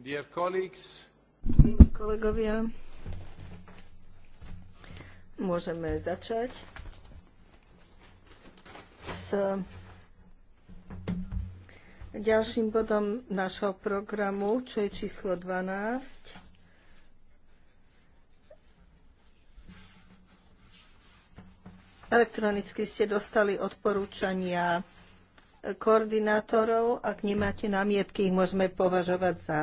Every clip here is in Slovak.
Dear colleagues, kolegovia, môžeme začať s ďalším bodom našho programu, čo je číslo 12. Elektronicky ste dostali odporúčania koordinátorov. Ak nemáte námietky, ich môžeme považovať za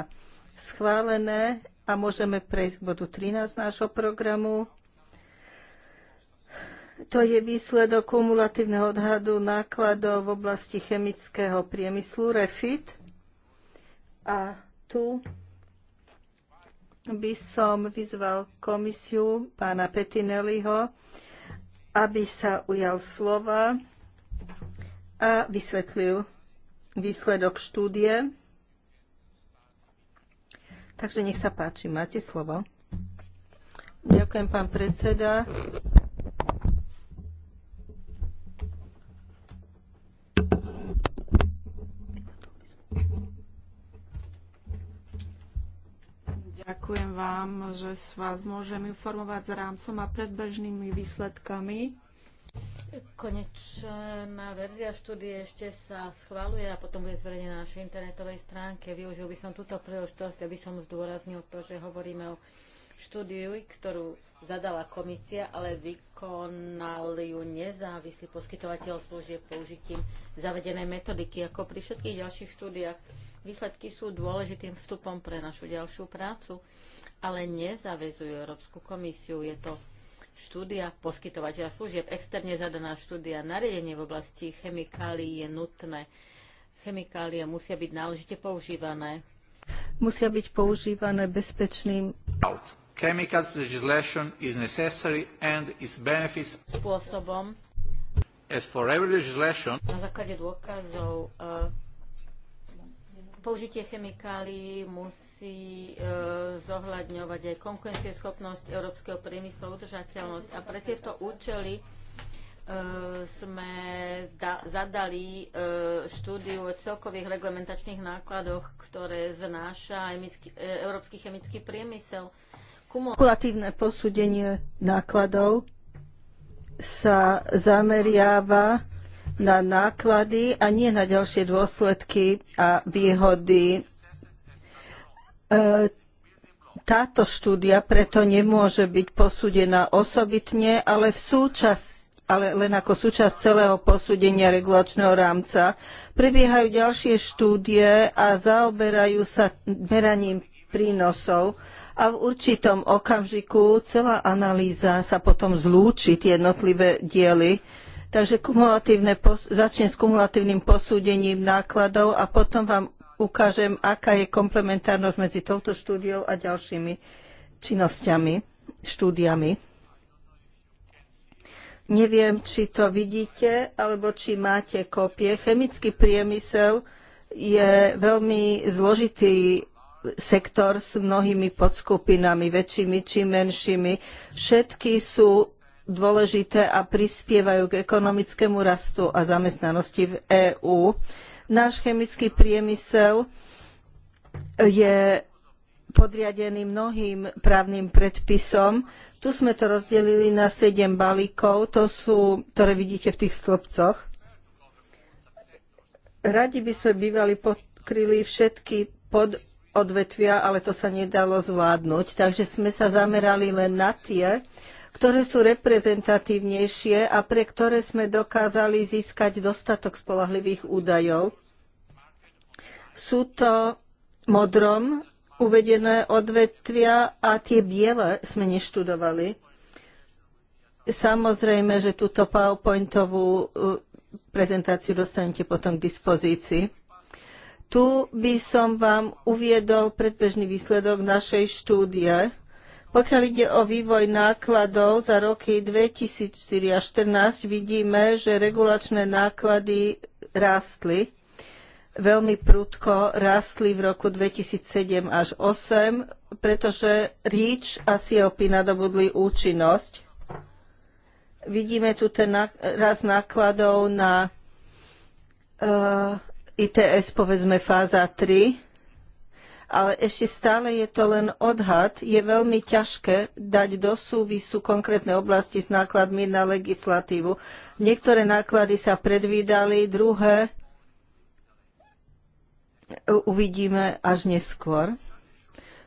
schválené a môžeme prejsť k bodu 13 nášho programu. To je výsledok kumulatívneho odhadu nákladov v oblasti chemického priemyslu REFIT. A tu by som vyzval komisiu pána Petinelliho, aby sa ujal slova a vysvetlil výsledok štúdie. Takže nech sa páči, máte slovo. Ďakujem, pán predseda. Ďakujem vám, že vás môžem informovať s rámcom a predbežnými výsledkami Konečná verzia štúdie ešte sa schvaluje a potom bude zverejnená na našej internetovej stránke. Využil by som túto príležitosť, aby som zdôraznil to, že hovoríme o štúdiu, ktorú zadala komisia, ale vykonal ju nezávislý poskytovateľ služieb použitím zavedenej metodiky. Ako pri všetkých ďalších štúdiách, výsledky sú dôležitým vstupom pre našu ďalšiu prácu, ale nezavezujú Európsku komisiu. Je to štúdia poskytovateľa služieb. Externe zadaná štúdia nariadenie v oblasti chemikálií je nutné. Chemikálie musia byť náležite používané. Musia byť používané bezpečným Chemicals legislation is necessary and its benefits spôsobom. As for every legislation, na základe dôkazov uh, použitie chemikálií musí e, zohľadňovať aj konkurencieschopnosť európskeho priemyslu, udržateľnosť. A pre tieto účely e, sme da, zadali e, štúdiu o celkových reglementačných nákladoch, ktoré znáša emický, e, európsky chemický priemysel. Kumulatívne posúdenie nákladov sa zameriava na náklady a nie na ďalšie dôsledky a výhody. E, táto štúdia preto nemôže byť posúdená osobitne, ale v súčas, ale len ako súčasť celého posúdenia regulačného rámca. Prebiehajú ďalšie štúdie a zaoberajú sa meraním prínosov a v určitom okamžiku celá analýza sa potom zlúči tie jednotlivé diely. Takže kumulatívne, začnem s kumulatívnym posúdením nákladov a potom vám ukážem, aká je komplementárnosť medzi touto štúdiou a ďalšími činnosťami, štúdiami. Neviem, či to vidíte, alebo či máte kopie. Chemický priemysel je veľmi zložitý sektor s mnohými podskupinami, väčšími či menšími. Všetky sú dôležité a prispievajú k ekonomickému rastu a zamestnanosti v EÚ. Náš chemický priemysel je podriadený mnohým právnym predpisom. Tu sme to rozdelili na sedem balíkov, to sú, ktoré vidíte v tých stĺpcoch. Radi by sme bývali pokryli všetky pododvetvia, ale to sa nedalo zvládnuť, takže sme sa zamerali len na tie, ktoré sú reprezentatívnejšie a pre ktoré sme dokázali získať dostatok spolahlivých údajov. Sú to modrom uvedené odvetvia a tie biele sme neštudovali. Samozrejme, že túto PowerPointovú e, prezentáciu dostanete potom k dispozícii. Tu by som vám uviedol predbežný výsledok našej štúdie. Pokiaľ ide o vývoj nákladov za roky 2004 až 2014, vidíme, že regulačné náklady rástli veľmi prudko rástli v roku 2007 až 2008, pretože REACH a CLP nadobudli účinnosť. Vidíme tu ten rast nákladov na uh, eh, ITS, povedzme fáza 3 ale ešte stále je to len odhad. Je veľmi ťažké dať do súvisu konkrétne oblasti s nákladmi na legislatívu. Niektoré náklady sa predvídali, druhé uvidíme až neskôr.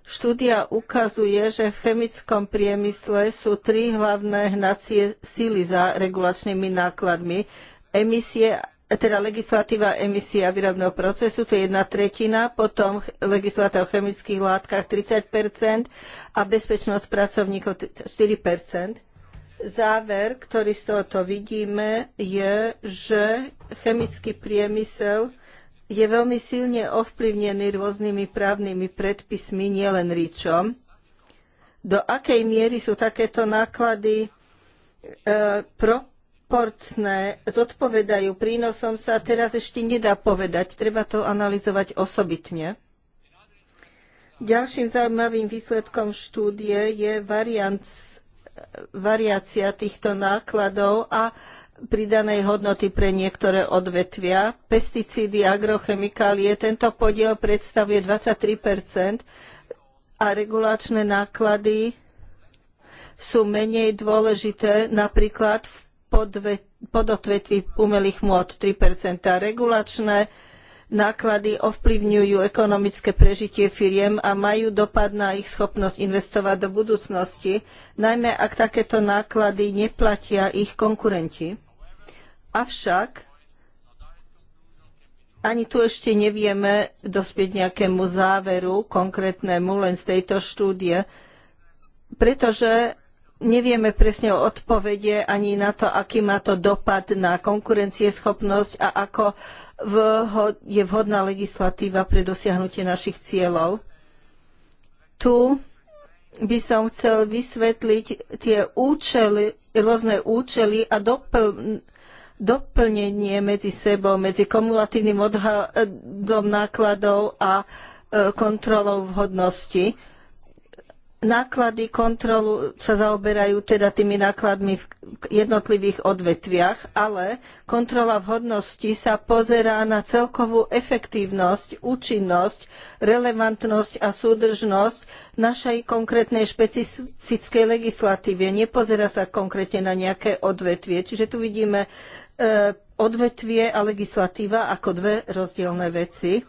Štúdia ukazuje, že v chemickom priemysle sú tri hlavné hnacie síly za regulačnými nákladmi. Emisie teda legislatíva emisia výrobného procesu, to je jedna tretina, potom legislatíva o chemických látkach 30 a bezpečnosť pracovníkov 4 Záver, ktorý z tohoto vidíme, je, že chemický priemysel je veľmi silne ovplyvnený rôznymi právnymi predpismi, nielen ričom. Do akej miery sú takéto náklady e, pro, proporčné zodpovedajú prínosom, sa teraz ešte nedá povedať. Treba to analyzovať osobitne. Ďalším zaujímavým výsledkom štúdie je varianc, variácia týchto nákladov a pridanej hodnoty pre niektoré odvetvia. Pesticídy, agrochemikálie, tento podiel predstavuje 23 a regulačné náklady sú menej dôležité napríklad v podotvetví umelých môd 3 Regulačné náklady ovplyvňujú ekonomické prežitie firiem a majú dopad na ich schopnosť investovať do budúcnosti, najmä ak takéto náklady neplatia ich konkurenti. Avšak ani tu ešte nevieme dospieť nejakému záveru konkrétnemu len z tejto štúdie, pretože nevieme presne o odpovede ani na to, aký má to dopad na konkurencieschopnosť a ako je vhodná legislatíva pre dosiahnutie našich cieľov. Tu by som chcel vysvetliť tie účely, rôzne účely a doplnenie medzi sebou, medzi kumulatívnym odhadom eh, nákladov a eh, kontrolou vhodnosti. Náklady kontrolu sa zaoberajú teda tými nákladmi v jednotlivých odvetviach, ale kontrola vhodnosti sa pozerá na celkovú efektívnosť, účinnosť, relevantnosť a súdržnosť našej konkrétnej špecifickej legislatíve. Nepozerá sa konkrétne na nejaké odvetvie. Čiže tu vidíme e, odvetvie a legislatíva ako dve rozdielne veci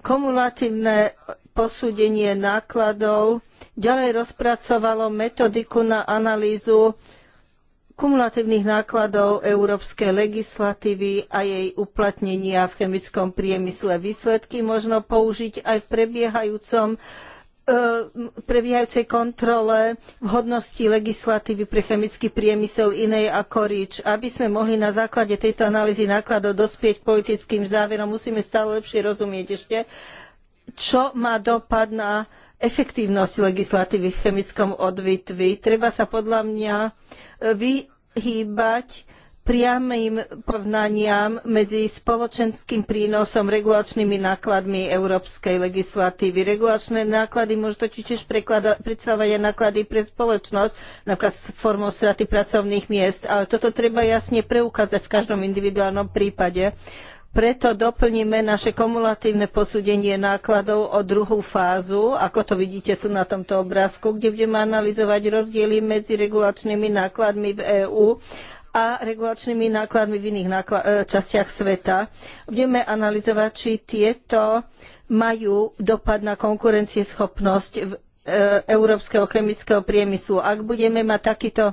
kumulatívne posúdenie nákladov, ďalej rozpracovalo metodiku na analýzu kumulatívnych nákladov európskej legislatívy a jej uplatnenia v chemickom priemysle. Výsledky možno použiť aj v prebiehajúcom E, prebiehajúcej kontrole vhodnosti legislatívy pre chemický priemysel inej ako REACH. Aby sme mohli na základe tejto analýzy nákladov dospieť politickým záverom, musíme stále lepšie rozumieť ešte, čo má dopad na efektívnosť legislatívy v chemickom odvetví. Treba sa podľa mňa vyhýbať priamým porovnaniam medzi spoločenským prínosom, regulačnými nákladmi európskej legislatívy. Regulačné náklady môžu totiž tiež predstavovať aj náklady pre spoločnosť, napríklad s formou straty pracovných miest, ale toto treba jasne preukázať v každom individuálnom prípade. Preto doplníme naše kumulatívne posúdenie nákladov o druhú fázu, ako to vidíte tu na tomto obrázku, kde budeme analyzovať rozdiely medzi regulačnými nákladmi v EÚ a regulačnými nákladmi v iných e, častiach sveta. Budeme analyzovať, či tieto majú dopad na konkurencieschopnosť e, európskeho chemického priemyslu. Ak budeme mať takýto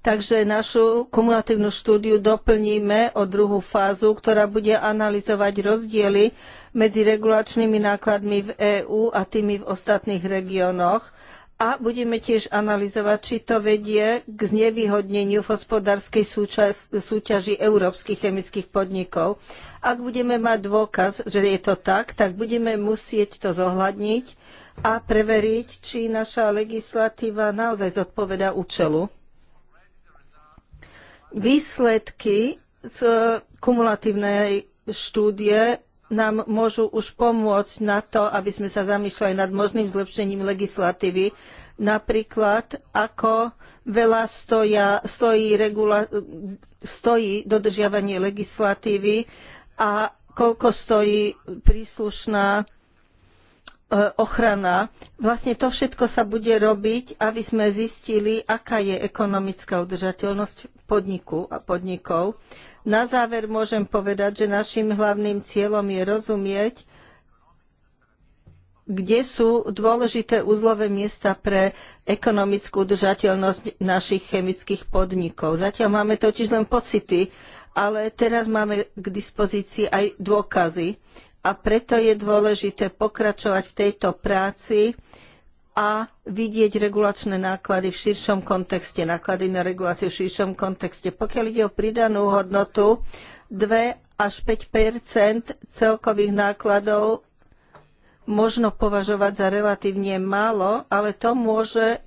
Takže našu kumulatívnu štúdiu doplníme o druhú fázu, ktorá bude analyzovať rozdiely medzi regulačnými nákladmi v EÚ a tými v ostatných regiónoch a budeme tiež analyzovať, či to vedie k znevýhodneniu v hospodárskej súťaži európskych chemických podnikov. Ak budeme mať dôkaz, že je to tak, tak budeme musieť to zohľadniť a preveriť, či naša legislatíva naozaj zodpoveda účelu. Výsledky z kumulatívnej štúdie nám môžu už pomôcť na to, aby sme sa zamýšľali nad možným zlepšením legislatívy. Napríklad, ako veľa stoja, stojí, regula, stojí dodržiavanie legislatívy a koľko stojí príslušná E, ochrana. Vlastne to všetko sa bude robiť, aby sme zistili, aká je ekonomická udržateľnosť podniku a podnikov. Na záver môžem povedať, že našim hlavným cieľom je rozumieť, kde sú dôležité úzlové miesta pre ekonomickú udržateľnosť našich chemických podnikov. Zatiaľ máme totiž len pocity, ale teraz máme k dispozícii aj dôkazy a preto je dôležité pokračovať v tejto práci a vidieť regulačné náklady v širšom kontexte, náklady na reguláciu v širšom kontexte. Pokiaľ ide o pridanú hodnotu, 2 až 5 celkových nákladov možno považovať za relatívne málo, ale to môže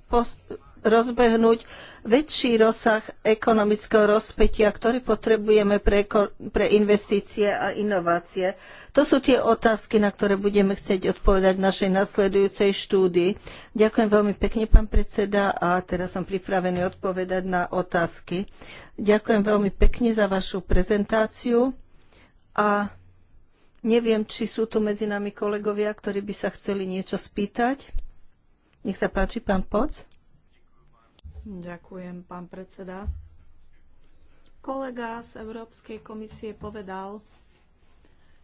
rozbehnúť väčší rozsah ekonomického rozpetia, ktorý potrebujeme pre, pre investície a inovácie. To sú tie otázky, na ktoré budeme chcieť odpovedať v našej nasledujúcej štúdii. Ďakujem veľmi pekne, pán predseda, a teraz som pripravený odpovedať na otázky. Ďakujem veľmi pekne za vašu prezentáciu a neviem, či sú tu medzi nami kolegovia, ktorí by sa chceli niečo spýtať. Nech sa páči, pán Poc. Ďakujem, pán predseda. Kolega z Európskej komisie povedal,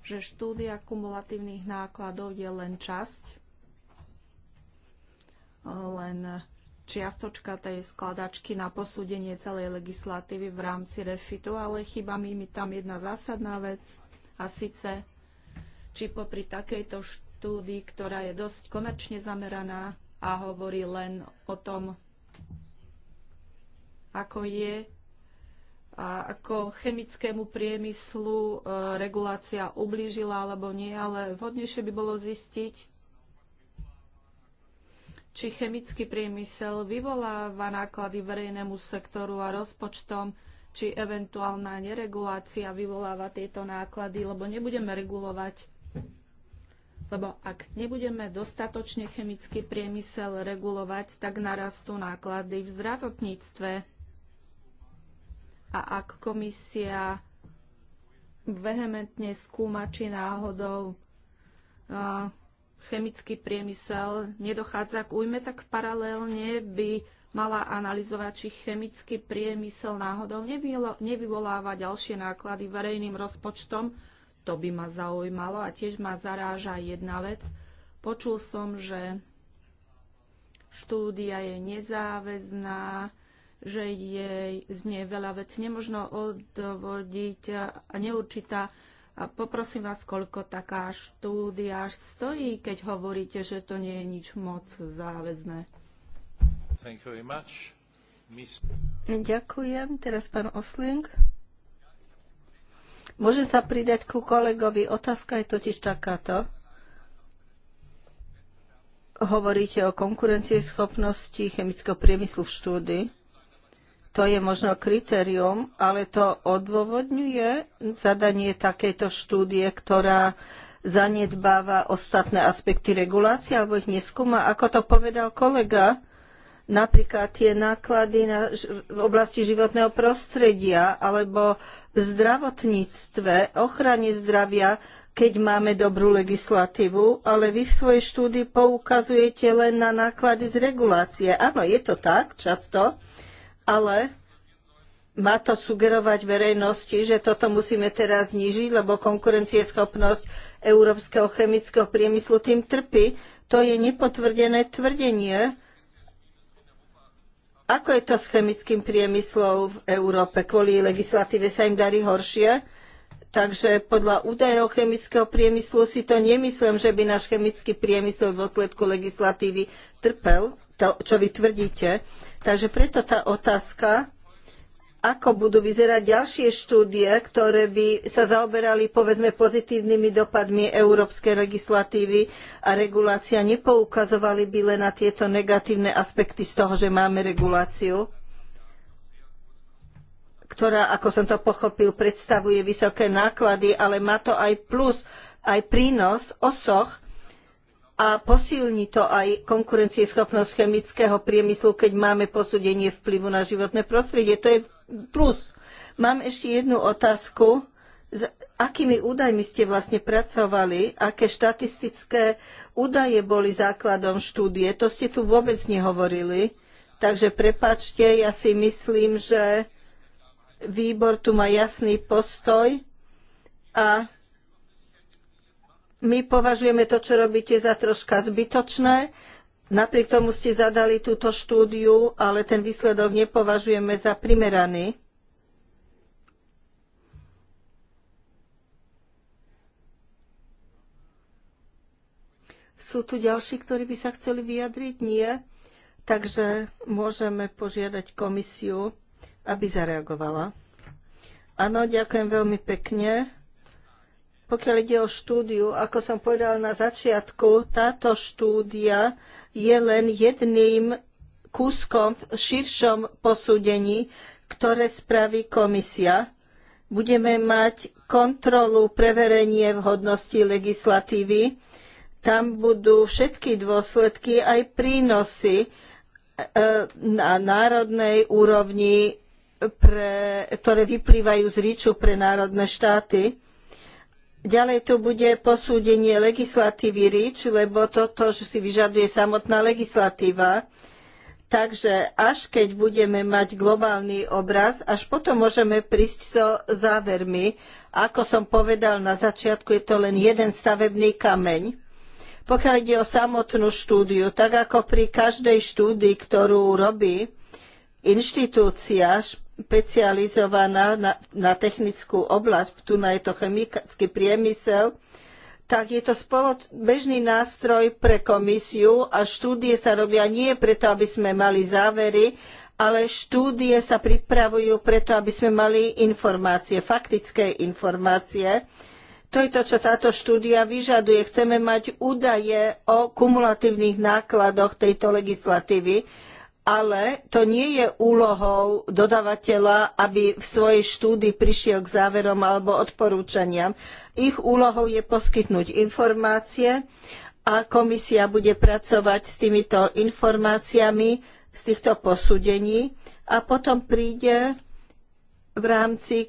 že štúdia kumulatívnych nákladov je len časť, len čiastočka tej skladačky na posúdenie celej legislatívy v rámci refitu, ale chyba mi, mi tam jedna zásadná vec a síce, či popri takejto štúdii, ktorá je dosť komerčne zameraná a hovorí len o tom, ako je a ako chemickému priemyslu e, regulácia ublížila alebo nie, ale vhodnejšie by bolo zistiť, či chemický priemysel vyvoláva náklady verejnému sektoru a rozpočtom, či eventuálna neregulácia vyvoláva tieto náklady, lebo nebudeme regulovať. Lebo ak nebudeme dostatočne chemický priemysel regulovať, tak narastú náklady v zdravotníctve a ak komisia vehementne skúma, či náhodou chemický priemysel nedochádza k újme, tak paralelne by mala analyzovať, či chemický priemysel náhodou nevyvoláva ďalšie náklady verejným rozpočtom. To by ma zaujímalo a tiež ma zaráža jedna vec. Počul som, že štúdia je nezáväzná, že jej z veľa vec nemožno odvodiť a neurčitá. A poprosím vás, koľko taká štúdia stojí, keď hovoríte, že to nie je nič moc záväzné. Thank you very much. Miss... Ďakujem. Teraz pán Osling. Môžem sa pridať ku kolegovi. Otázka je totiž takáto hovoríte o konkurencieschopnosti chemického priemyslu v štúdii. To je možno kritérium, ale to odôvodňuje zadanie takejto štúdie, ktorá zanedbáva ostatné aspekty regulácie alebo ich neskúma. Ako to povedal kolega, napríklad tie náklady na, v oblasti životného prostredia alebo v zdravotníctve, ochrane zdravia, keď máme dobrú legislatívu, ale vy v svojej štúdii poukazujete len na náklady z regulácie. Áno, je to tak často, ale má to sugerovať verejnosti, že toto musíme teraz znižiť, lebo konkurencieschopnosť európskeho chemického priemyslu tým trpí. To je nepotvrdené tvrdenie. Ako je to s chemickým priemyslom v Európe? Kvôli legislatíve sa im darí horšie. Takže podľa údajov chemického priemyslu si to nemyslím, že by náš chemický priemysel v dôsledku legislatívy trpel to, čo vy tvrdíte. Takže preto tá otázka, ako budú vyzerať ďalšie štúdie, ktoré by sa zaoberali povedzme pozitívnymi dopadmi európskej legislatívy a regulácia, nepoukazovali by len na tieto negatívne aspekty z toho, že máme reguláciu, ktorá, ako som to pochopil, predstavuje vysoké náklady, ale má to aj plus, aj prínos, osoch, a posilní to aj konkurencieschopnosť chemického priemyslu, keď máme posúdenie vplyvu na životné prostredie. To je plus. Mám ešte jednu otázku. S akými údajmi ste vlastne pracovali? Aké štatistické údaje boli základom štúdie? To ste tu vôbec nehovorili. Takže prepačte, ja si myslím, že výbor tu má jasný postoj a my považujeme to, čo robíte, za troška zbytočné. Napriek tomu ste zadali túto štúdiu, ale ten výsledok nepovažujeme za primeraný. Sú tu ďalší, ktorí by sa chceli vyjadriť? Nie. Takže môžeme požiadať komisiu, aby zareagovala. Áno, ďakujem veľmi pekne. Pokiaľ ide o štúdiu, ako som povedal na začiatku, táto štúdia je len jedným kúskom v širšom posúdení, ktoré spraví komisia. Budeme mať kontrolu preverenie vhodnosti legislatívy. Tam budú všetky dôsledky aj prínosy e, na národnej úrovni, pre, ktoré vyplývajú z ríču pre národné štáty. Ďalej tu bude posúdenie legislatívy RIČ, lebo toto si vyžaduje samotná legislatíva. Takže až keď budeme mať globálny obraz, až potom môžeme prísť so závermi. Ako som povedal na začiatku, je to len jeden stavebný kameň. Pokiaľ ide o samotnú štúdiu, tak ako pri každej štúdii, ktorú robí inštitúcia, špecializovaná na, na technickú oblasť, tu na je to chemický priemysel, tak je to spoloč, bežný nástroj pre komisiu a štúdie sa robia nie preto, aby sme mali závery, ale štúdie sa pripravujú preto, aby sme mali informácie, faktické informácie. To je to, čo táto štúdia vyžaduje. Chceme mať údaje o kumulatívnych nákladoch tejto legislatívy ale to nie je úlohou dodávateľa, aby v svojej štúdii prišiel k záverom alebo odporúčaniam. Ich úlohou je poskytnúť informácie a komisia bude pracovať s týmito informáciami z týchto posúdení a potom príde v rámci e,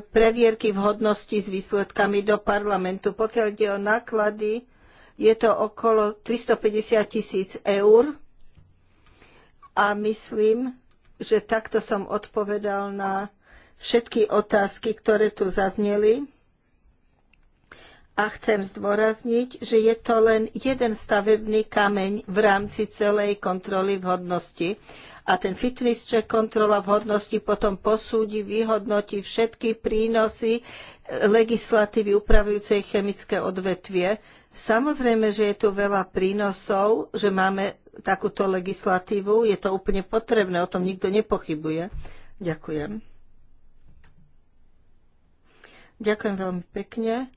previerky vhodnosti s výsledkami do parlamentu. Pokiaľ ide o náklady, je to okolo 350 tisíc eur a myslím, že takto som odpovedal na všetky otázky, ktoré tu zazneli. A chcem zdôrazniť, že je to len jeden stavebný kameň v rámci celej kontroly vhodnosti. A ten fitness check kontrola vhodnosti potom posúdi, vyhodnotí všetky prínosy e, legislatívy upravujúcej chemické odvetvie. Samozrejme, že je tu veľa prínosov, že máme takúto legislatívu. Je to úplne potrebné, o tom nikto nepochybuje. Ďakujem. Ďakujem veľmi pekne.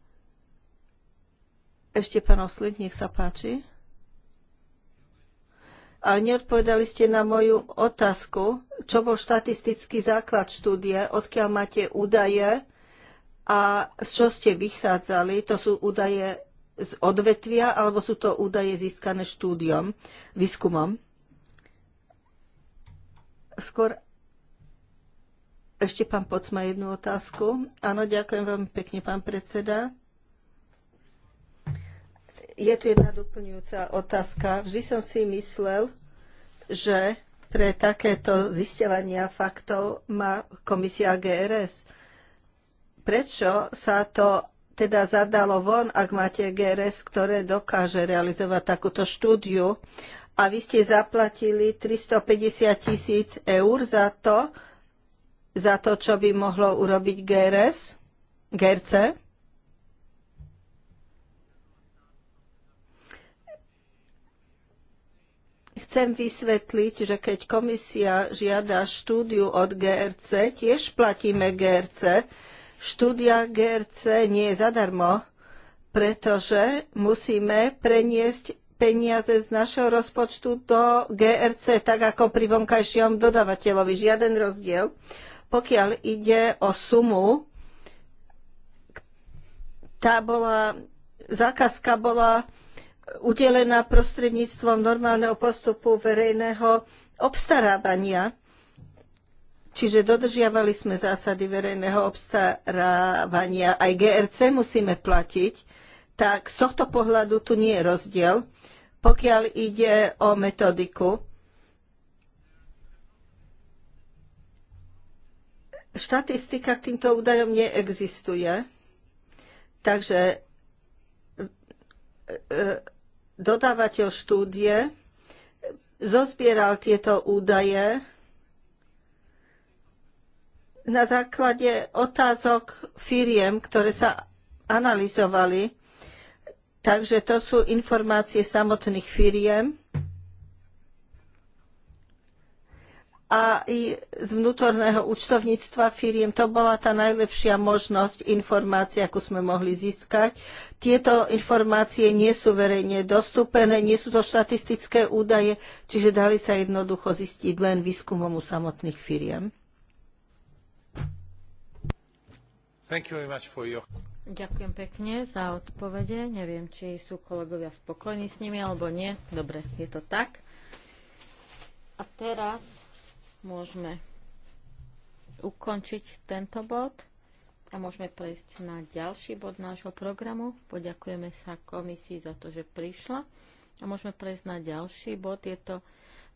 Ešte pán Oslík, nech sa páči. Ale neodpovedali ste na moju otázku, čo bol štatistický základ štúdie, odkiaľ máte údaje a z čo ste vychádzali. To sú údaje z odvetvia, alebo sú to údaje získané štúdiom, výskumom? Skôr ešte pán Poc má jednu otázku. Áno, ďakujem veľmi pekne, pán predseda. Je tu jedna doplňujúca otázka. Vždy som si myslel, že pre takéto zisťovania faktov má komisia GRS. Prečo sa to teda zadalo von, ak máte GRS, ktoré dokáže realizovať takúto štúdiu. A vy ste zaplatili 350 tisíc eur za to, za to, čo by mohlo urobiť GRS, GRC. Chcem vysvetliť, že keď komisia žiada štúdiu od GRC, tiež platíme GRC, Štúdia GRC nie je zadarmo, pretože musíme preniesť peniaze z našeho rozpočtu do GRC, tak ako pri vonkajšom dodavateľovi. Žiaden rozdiel. Pokiaľ ide o sumu, tá bola, zákazka bola udelená prostredníctvom normálneho postupu verejného obstarávania. Čiže dodržiavali sme zásady verejného obstarávania. Aj GRC musíme platiť. Tak z tohto pohľadu tu nie je rozdiel. Pokiaľ ide o metodiku, štatistika k týmto údajom neexistuje. Takže e, e, dodávateľ štúdie zozbieral tieto údaje na základe otázok firiem, ktoré sa analyzovali. Takže to sú informácie samotných firiem a i z vnútorného účtovníctva firiem. To bola tá najlepšia možnosť informácií, akú sme mohli získať. Tieto informácie nie sú verejne dostupné, nie sú to štatistické údaje, čiže dali sa jednoducho zistiť len výskumom u samotných firiem. Ďakujem pekne za odpovede. Neviem, či sú kolegovia spokojní s nimi alebo nie. Dobre, je to tak. A teraz môžeme ukončiť tento bod a môžeme prejsť na ďalší bod nášho programu. Poďakujeme sa komisii za to, že prišla a môžeme prejsť na ďalší bod. Je to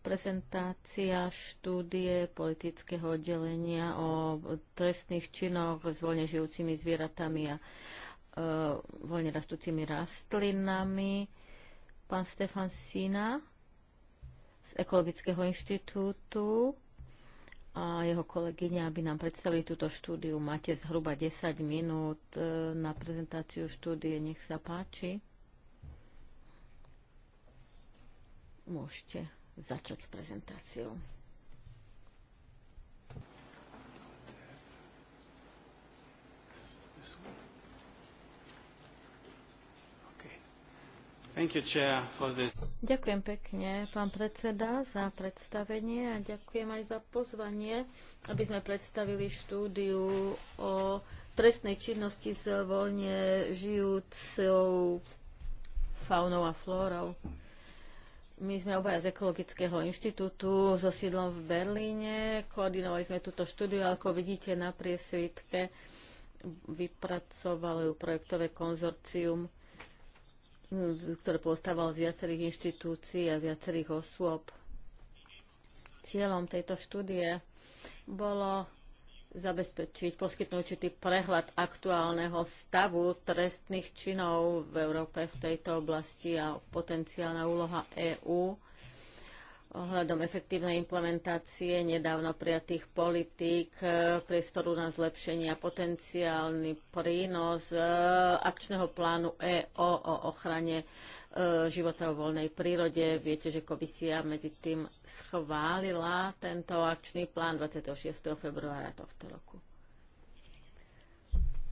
prezentácia štúdie politického oddelenia o trestných činoch s voľne žijúcimi zvieratami a e, voľne rastúcimi rastlinami. Pán Stefan Sina z Ekologického inštitútu a jeho kolegyňa, aby nám predstavili túto štúdiu. Máte zhruba 10 minút e, na prezentáciu štúdie. Nech sa páči. Môžete začať s prezentáciou. You, chair, ďakujem pekne, pán predseda, za predstavenie a ďakujem aj za pozvanie, aby sme predstavili štúdiu o trestnej činnosti s voľne žijúcou faunou a flórou. My sme obaja z Ekologického inštitútu so sídlom v Berlíne. Koordinovali sme túto štúdiu, ako vidíte na priesvitke. Vypracovali ju projektové konzorcium, ktoré postávalo z viacerých inštitúcií a viacerých osôb. Cieľom tejto štúdie bolo zabezpečiť, poskytnúť určitý prehľad aktuálneho stavu trestných činov v Európe v tejto oblasti a potenciálna úloha EÚ ohľadom efektívnej implementácie nedávno prijatých politík, e, priestoru na zlepšenie a potenciálny prínos e, akčného plánu EO o ochrane e, života o voľnej prírode. Viete, že komisia medzi tým schválila tento akčný plán 26. februára tohto roku.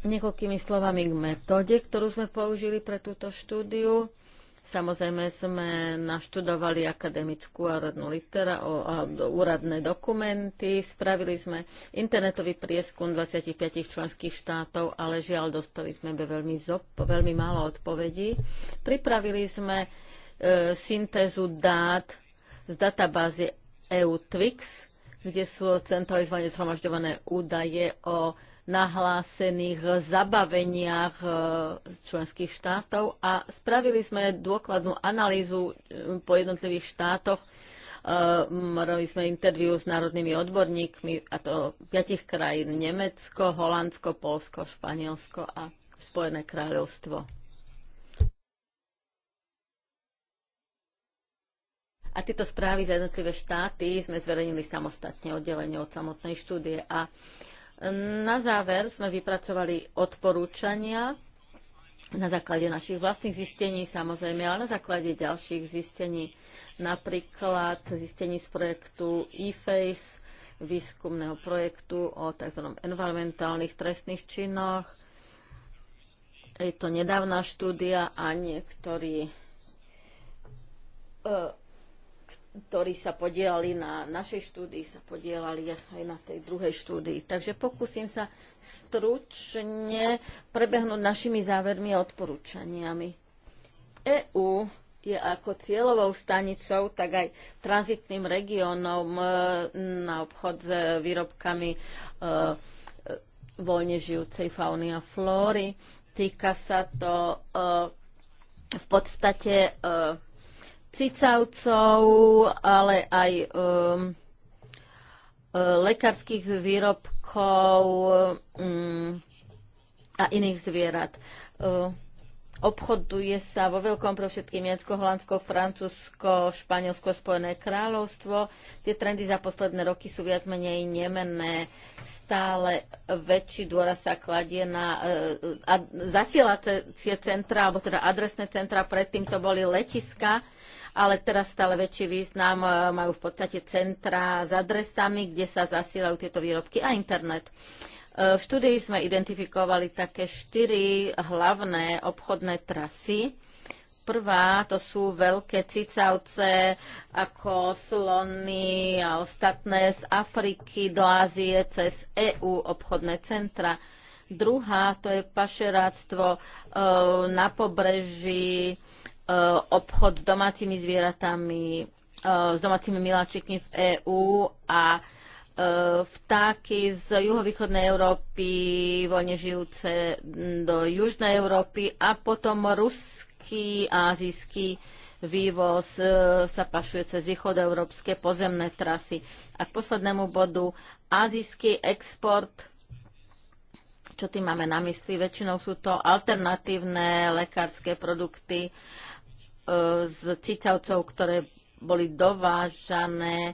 Niekoľkými slovami k metóde, ktorú sme použili pre túto štúdiu. Samozrejme sme naštudovali akademickú a rodnú litera, o, a úradné dokumenty, spravili sme internetový prieskum 25 členských štátov, ale žiaľ dostali sme veľmi, zop, veľmi málo odpovedí. Pripravili sme e, syntézu dát z databázy E-Twix, kde sú centralizovane zhromažďované údaje o nahlásených zabaveniach e, členských štátov a spravili sme dôkladnú analýzu e, po jednotlivých štátoch. E, robili sme interviu s národnými odborníkmi, a to piatich krajín, Nemecko, Holandsko, Polsko, Španielsko a Spojené kráľovstvo. A tieto správy za jednotlivé štáty sme zverejnili samostatne, oddelenie od samotnej štúdie. A uh, na záver sme vypracovali odporúčania na základe našich vlastných zistení samozrejme, ale na základe ďalších zistení, napríklad zistení z projektu e-face, výskumného projektu o tzv. environmentálnych trestných činoch. Je to nedávna štúdia a niektorí e, ktorí sa podielali na našej štúdii, sa podielali aj na tej druhej štúdii. Takže pokúsim sa stručne prebehnúť našimi závermi a odporúčaniami. EÚ je ako cieľovou stanicou, tak aj tranzitným regiónom e, na obchod s výrobkami e, e, voľne žijúcej fauny a flóry. Týka sa to v podstate cicavcov, ale aj um, e, lekárskych výrobkov um, a iných zvierat. Um, obchoduje sa vo veľkom pre všetkým Nemecko, Holandsko, Francúzsko, Španielsko, Spojené kráľovstvo. Tie trendy za posledné roky sú viac menej nemenné. Stále väčší dôraz sa kladie na e, zasielacie centra, alebo teda adresné centra, predtým to boli letiska ale teraz stále väčší význam e, majú v podstate centra s adresami, kde sa zasielajú tieto výrobky a internet. E, v štúdii sme identifikovali také štyri hlavné obchodné trasy. Prvá to sú veľké cicavce ako slony a ostatné z Afriky do Ázie cez EU obchodné centra. Druhá to je pašeráctvo e, na pobreží Eh, obchod s domácimi zvieratami, eh, s domácimi miláčikmi v EÚ a eh, vtáky z juhovýchodnej Európy, voľne žijúce do južnej Európy a potom ruský a azijský vývoz sa pašuje cez východoeurópske pozemné trasy. A k poslednému bodu azijský export čo tým máme na mysli? Väčšinou sú to alternatívne lekárske produkty, z cicavcov, ktoré boli dovážané e,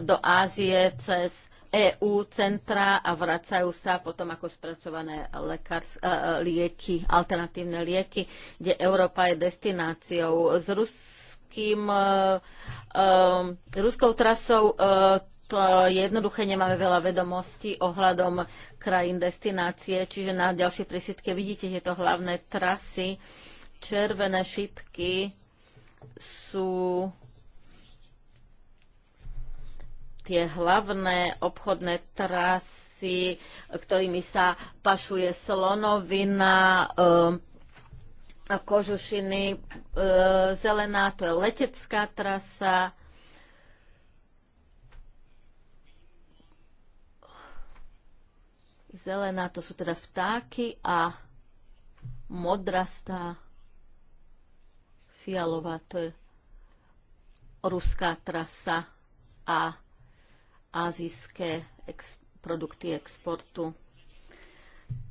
do Ázie cez EU centra a vracajú sa potom ako spracované lekárs, e, e, lieky, alternatívne lieky, kde Európa je destináciou. S ruským, ruskou trasou to jednoduché nemáme veľa vedomostí ohľadom krajín destinácie, čiže na ďalšej prísidke vidíte tieto hlavné trasy červené šipky sú tie hlavné obchodné trasy, ktorými sa pašuje slonovina, ehm, kožušiny, ehm, zelená, to je letecká trasa. Zelená to sú teda vtáky a modrastá Fialová, to eh, je ruská trasa a azijské ex- produkty exportu.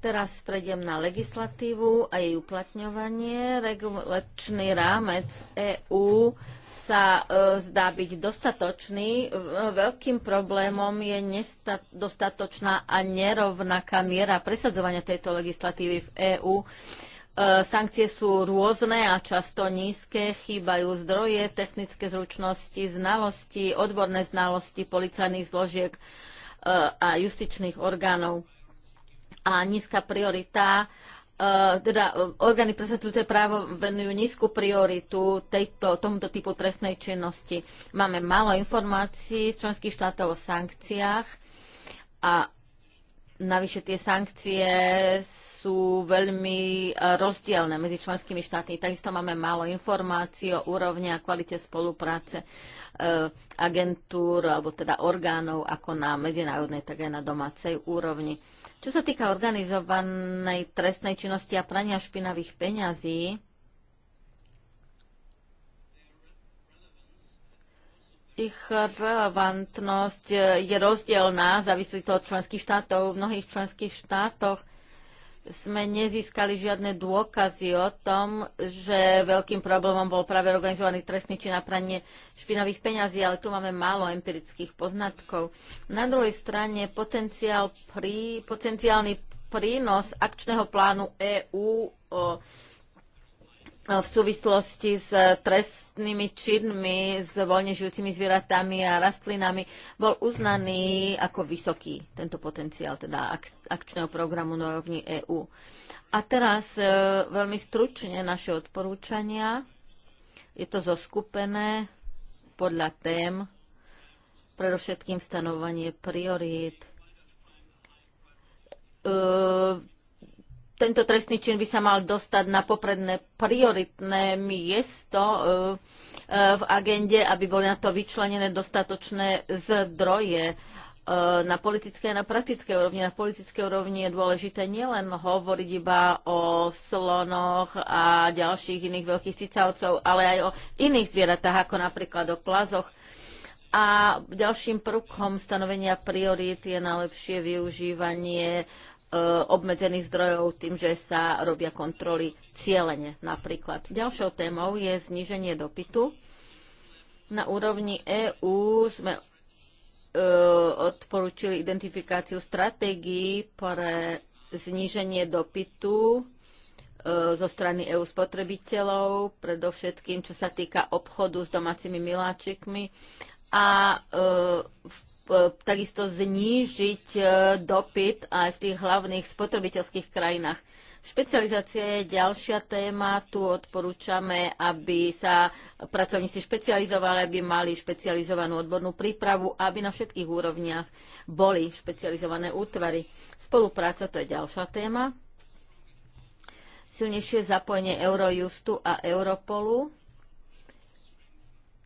Teraz prejdem na legislatívu a jej uplatňovanie. Regulačný rámec EÚ sa e, zdá byť dostatočný. Eh, veľkým problémom je dostatočná a nerovnaká miera presadzovania tejto legislatívy v EÚ. E, E, sankcie sú rôzne a často nízke, chýbajú zdroje, technické zručnosti, znalosti, odborné znalosti policajných zložiek e, a justičných orgánov. A nízka priorita, e, teda orgány presadzujúce právo venujú nízku prioritu tejto, tomuto typu trestnej činnosti. Máme málo informácií z členských štátov o sankciách a navyše tie sankcie sú veľmi e, rozdielne medzi členskými štátmi. Takisto máme málo informácií o úrovni a kvalite spolupráce e, agentúr alebo teda orgánov ako na medzinárodnej, tak aj na domácej úrovni. Čo sa týka organizovanej trestnej činnosti a prania špinavých peňazí, ich relevantnosť e, je rozdielná, závisí to od členských štátov. V mnohých členských štátoch sme nezískali žiadne dôkazy o tom, že veľkým problémom bol práve organizovaný trestný či napranie špinových špinavých peňazí, ale tu máme málo empirických poznatkov. Na druhej strane potenciál prí, potenciálny prínos akčného plánu EÚ o v súvislosti s eh, trestnými činmi, s voľne žijúcimi zvieratami a rastlinami, bol uznaný ako vysoký tento potenciál teda ak, akčného programu na rovni EÚ. A teraz e, veľmi stručne naše odporúčania. Je to zoskupené podľa tém, predovšetkým stanovanie priorít, e, tento trestný čin by sa mal dostať na popredné prioritné miesto e, e, v agende, aby boli na to vyčlenené dostatočné zdroje e, na politické a na praktické úrovni. Na politické úrovni je dôležité nielen hovoriť iba o slonoch a ďalších iných veľkých cicavcov, ale aj o iných zvieratách, ako napríklad o plazoch. A ďalším prvkom stanovenia priorít je najlepšie využívanie uh, E, obmedzených zdrojov tým, že sa robia kontroly cieľene napríklad. Ďalšou témou je zníženie dopytu. Na úrovni EÚ sme e, odporúčili identifikáciu stratégií pre zníženie dopytu e, zo strany EÚ spotrebiteľov, predovšetkým čo sa týka obchodu s domácimi miláčikmi a v takisto znížiť e, dopyt aj v tých hlavných spotrebiteľských krajinách. Špecializácia je ďalšia téma. Tu odporúčame, aby sa pracovníci špecializovali, aby mali špecializovanú odbornú prípravu, aby na všetkých úrovniach boli špecializované útvary. Spolupráca to je ďalšia téma. Silnejšie zapojenie Eurojustu a Europolu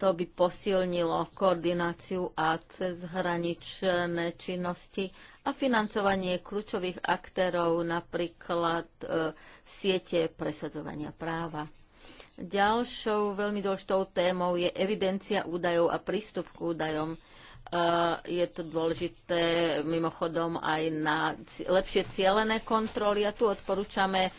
to by posilnilo koordináciu a cezhraničné činnosti a financovanie kľúčových aktérov, napríklad e, siete presadzovania práva. Ďalšou veľmi dôležitou témou je evidencia údajov a prístup k údajom. Eh, je to dôležité mimochodom aj na lepšie cielené kontroly a tu odporúčame, eh,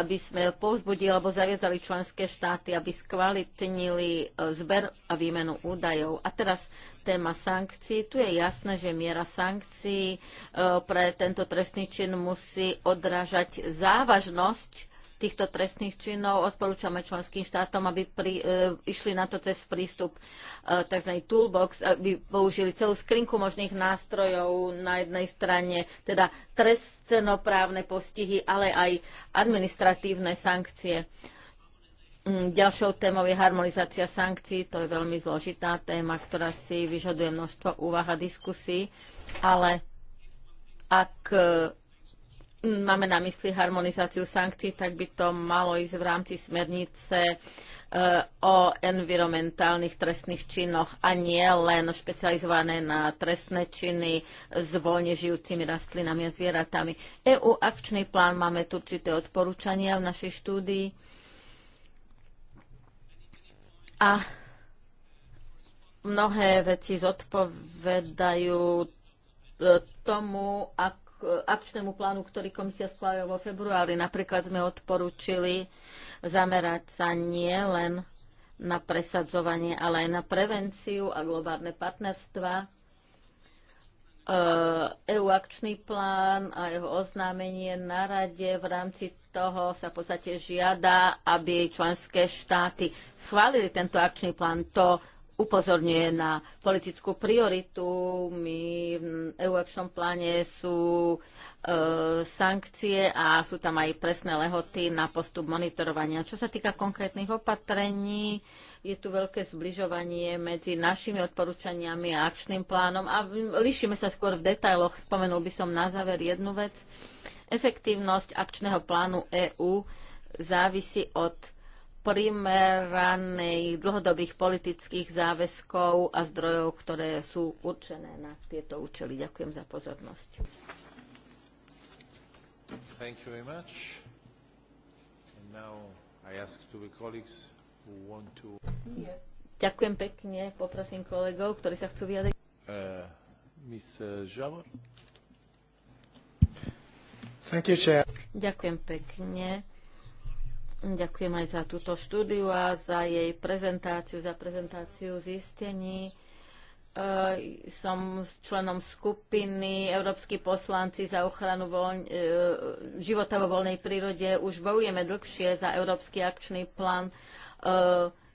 aby sme povzbudili alebo zaviedzali členské štáty, aby skvalitnili eh, zber a výmenu údajov. A teraz téma sankcií. Tu je jasné, že miera sankcií pre tento trestný čin musí odrážať závažnosť týchto trestných činov. Odporúčame členským štátom, aby pri, e, išli na to cez prístup e, tzv. toolbox, aby použili celú skrinku možných nástrojov na jednej strane, teda trestnoprávne postihy, ale aj administratívne sankcie. Mm, ďalšou témou je harmonizácia sankcií. To je veľmi zložitá téma, ktorá si vyžaduje množstvo úvah a diskusí, ale ak máme na mysli harmonizáciu sankcií, tak by to malo ísť v rámci smernice e, o environmentálnych trestných činoch a nie len špecializované na trestné činy s voľne žijúcimi rastlinami a zvieratami. EU akčný plán máme tu určité odporúčania v našej štúdii a mnohé veci zodpovedajú e, tomu, ako k akčnému plánu, ktorý komisia schválila vo februári. Napríklad sme odporúčili zamerať sa nie len na presadzovanie, ale aj na prevenciu a globálne partnerstva. EU e akčný plán a jeho oznámenie na rade v rámci toho sa v podstate žiada, aby členské štáty schválili tento akčný plán. To upozorňuje na politickú prioritu. My v európskom pláne sú e, sankcie a sú tam aj presné lehoty na postup monitorovania. Čo sa týka konkrétnych opatrení, je tu veľké zbližovanie medzi našimi odporúčaniami a akčným plánom a lišíme sa skôr v detailoch. Spomenul by som na záver jednu vec. Efektívnosť akčného plánu EÚ závisí od primeraných dlhodobých politických záväzkov a zdrojov, ktoré sú určené na tieto účely. Ďakujem za pozornosť. Thank you very much. And now I ask to the colleagues who want to... Ďakujem pekne. Poprosím kolegov, ktorí sa chcú vyjadriť. Uh, Miss uh, Thank you, chair. Ďakujem pekne. Ďakujem aj za túto štúdiu a za jej prezentáciu, za prezentáciu zistení. E, som členom skupiny Európsky poslanci za ochranu voľne, života vo voľnej prírode. Už bojujeme dlhšie za Európsky akčný plán e,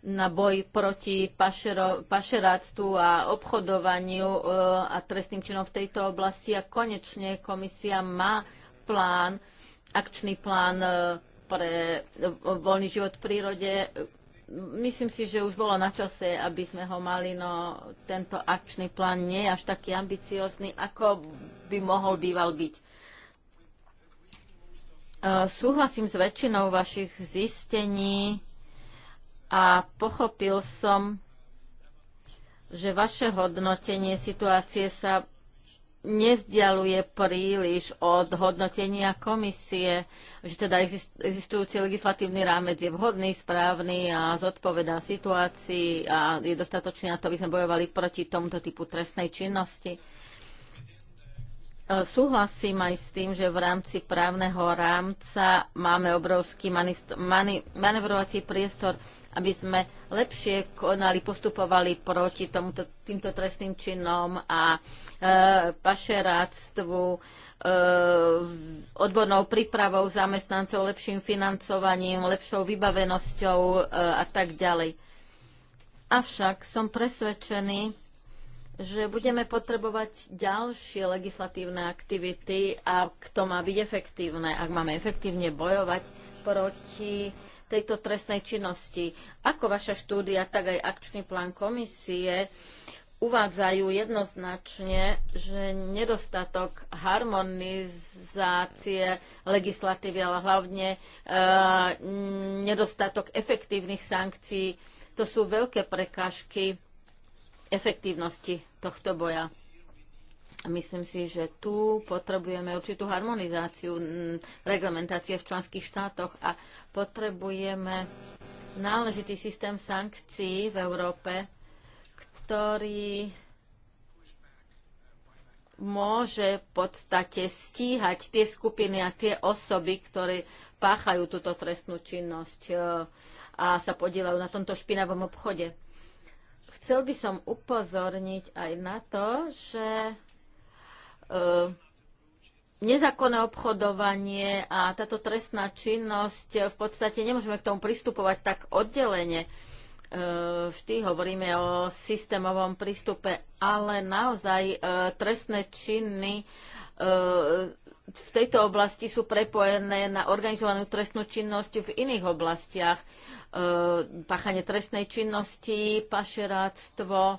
na boj proti pašero, pašeráctvu a obchodovaniu e, a trestným činom v tejto oblasti. A konečne komisia má plán, akčný plán pre e, voľný život v prírode. Myslím si, že už bolo na čase, aby sme ho mali, no tento akčný plán nie je až taký ambiciózny, ako by mohol býval byť. E, súhlasím s väčšinou vašich zistení a pochopil som, že vaše hodnotenie situácie sa nevzdialuje príliš od hodnotenia komisie, že teda existujúci legislatívny rámec je vhodný, správny a zodpovedá situácii a je dostatočný na to, aby sme bojovali proti tomuto typu trestnej činnosti. E, súhlasím aj s tým, že v rámci právneho rámca máme obrovský manevrovací priestor aby sme lepšie konali, postupovali proti tomuto, týmto trestným činom a e, pašeráctvu, e, odbornou prípravou zamestnancov, lepším financovaním, lepšou vybavenosťou e, a tak ďalej. Avšak som presvedčený, že budeme potrebovať ďalšie legislatívne aktivity a to má byť efektívne. Ak máme efektívne bojovať proti tejto trestnej činnosti. Ako vaša štúdia, tak aj akčný plán komisie uvádzajú jednoznačne, že nedostatok harmonizácie legislatívy, ale hlavne e, nedostatok efektívnych sankcií, to sú veľké prekážky efektívnosti tohto boja. Myslím si, že tu potrebujeme určitú harmonizáciu mm, reglementácie v členských štátoch a potrebujeme náležitý systém sankcií v Európe, ktorý môže v podstate stíhať tie skupiny a tie osoby, ktoré páchajú túto trestnú činnosť e, a sa podielajú na tomto špinavom obchode. Chcel by som upozorniť aj na to, že E, nezákonné obchodovanie a táto trestná činnosť e, v podstate nemôžeme k tomu pristupovať tak oddelene. E, vždy hovoríme o systémovom prístupe, ale naozaj trestné činy v tejto oblasti sú prepojené na organizovanú trestnú činnosť v iných oblastiach. Páchanie trestnej činnosti, pašeráctvo,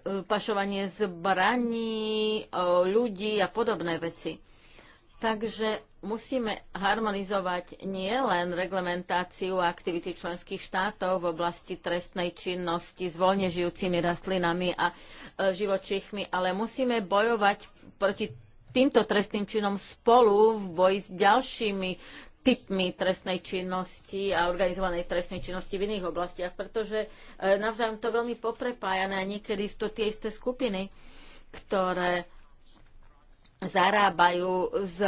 E, pašovanie zbraní, e, ľudí a podobné veci. Takže musíme harmonizovať nielen reglementáciu a aktivity členských štátov v oblasti trestnej činnosti s voľne žijúcimi rastlinami a e, živočíchmi, ale musíme bojovať proti týmto trestným činom spolu v boji s ďalšími typmi trestnej činnosti a organizovanej trestnej činnosti v iných oblastiach, pretože e, navzájom to veľmi poprepájané a niekedy sú to tie isté skupiny, ktoré zarábajú z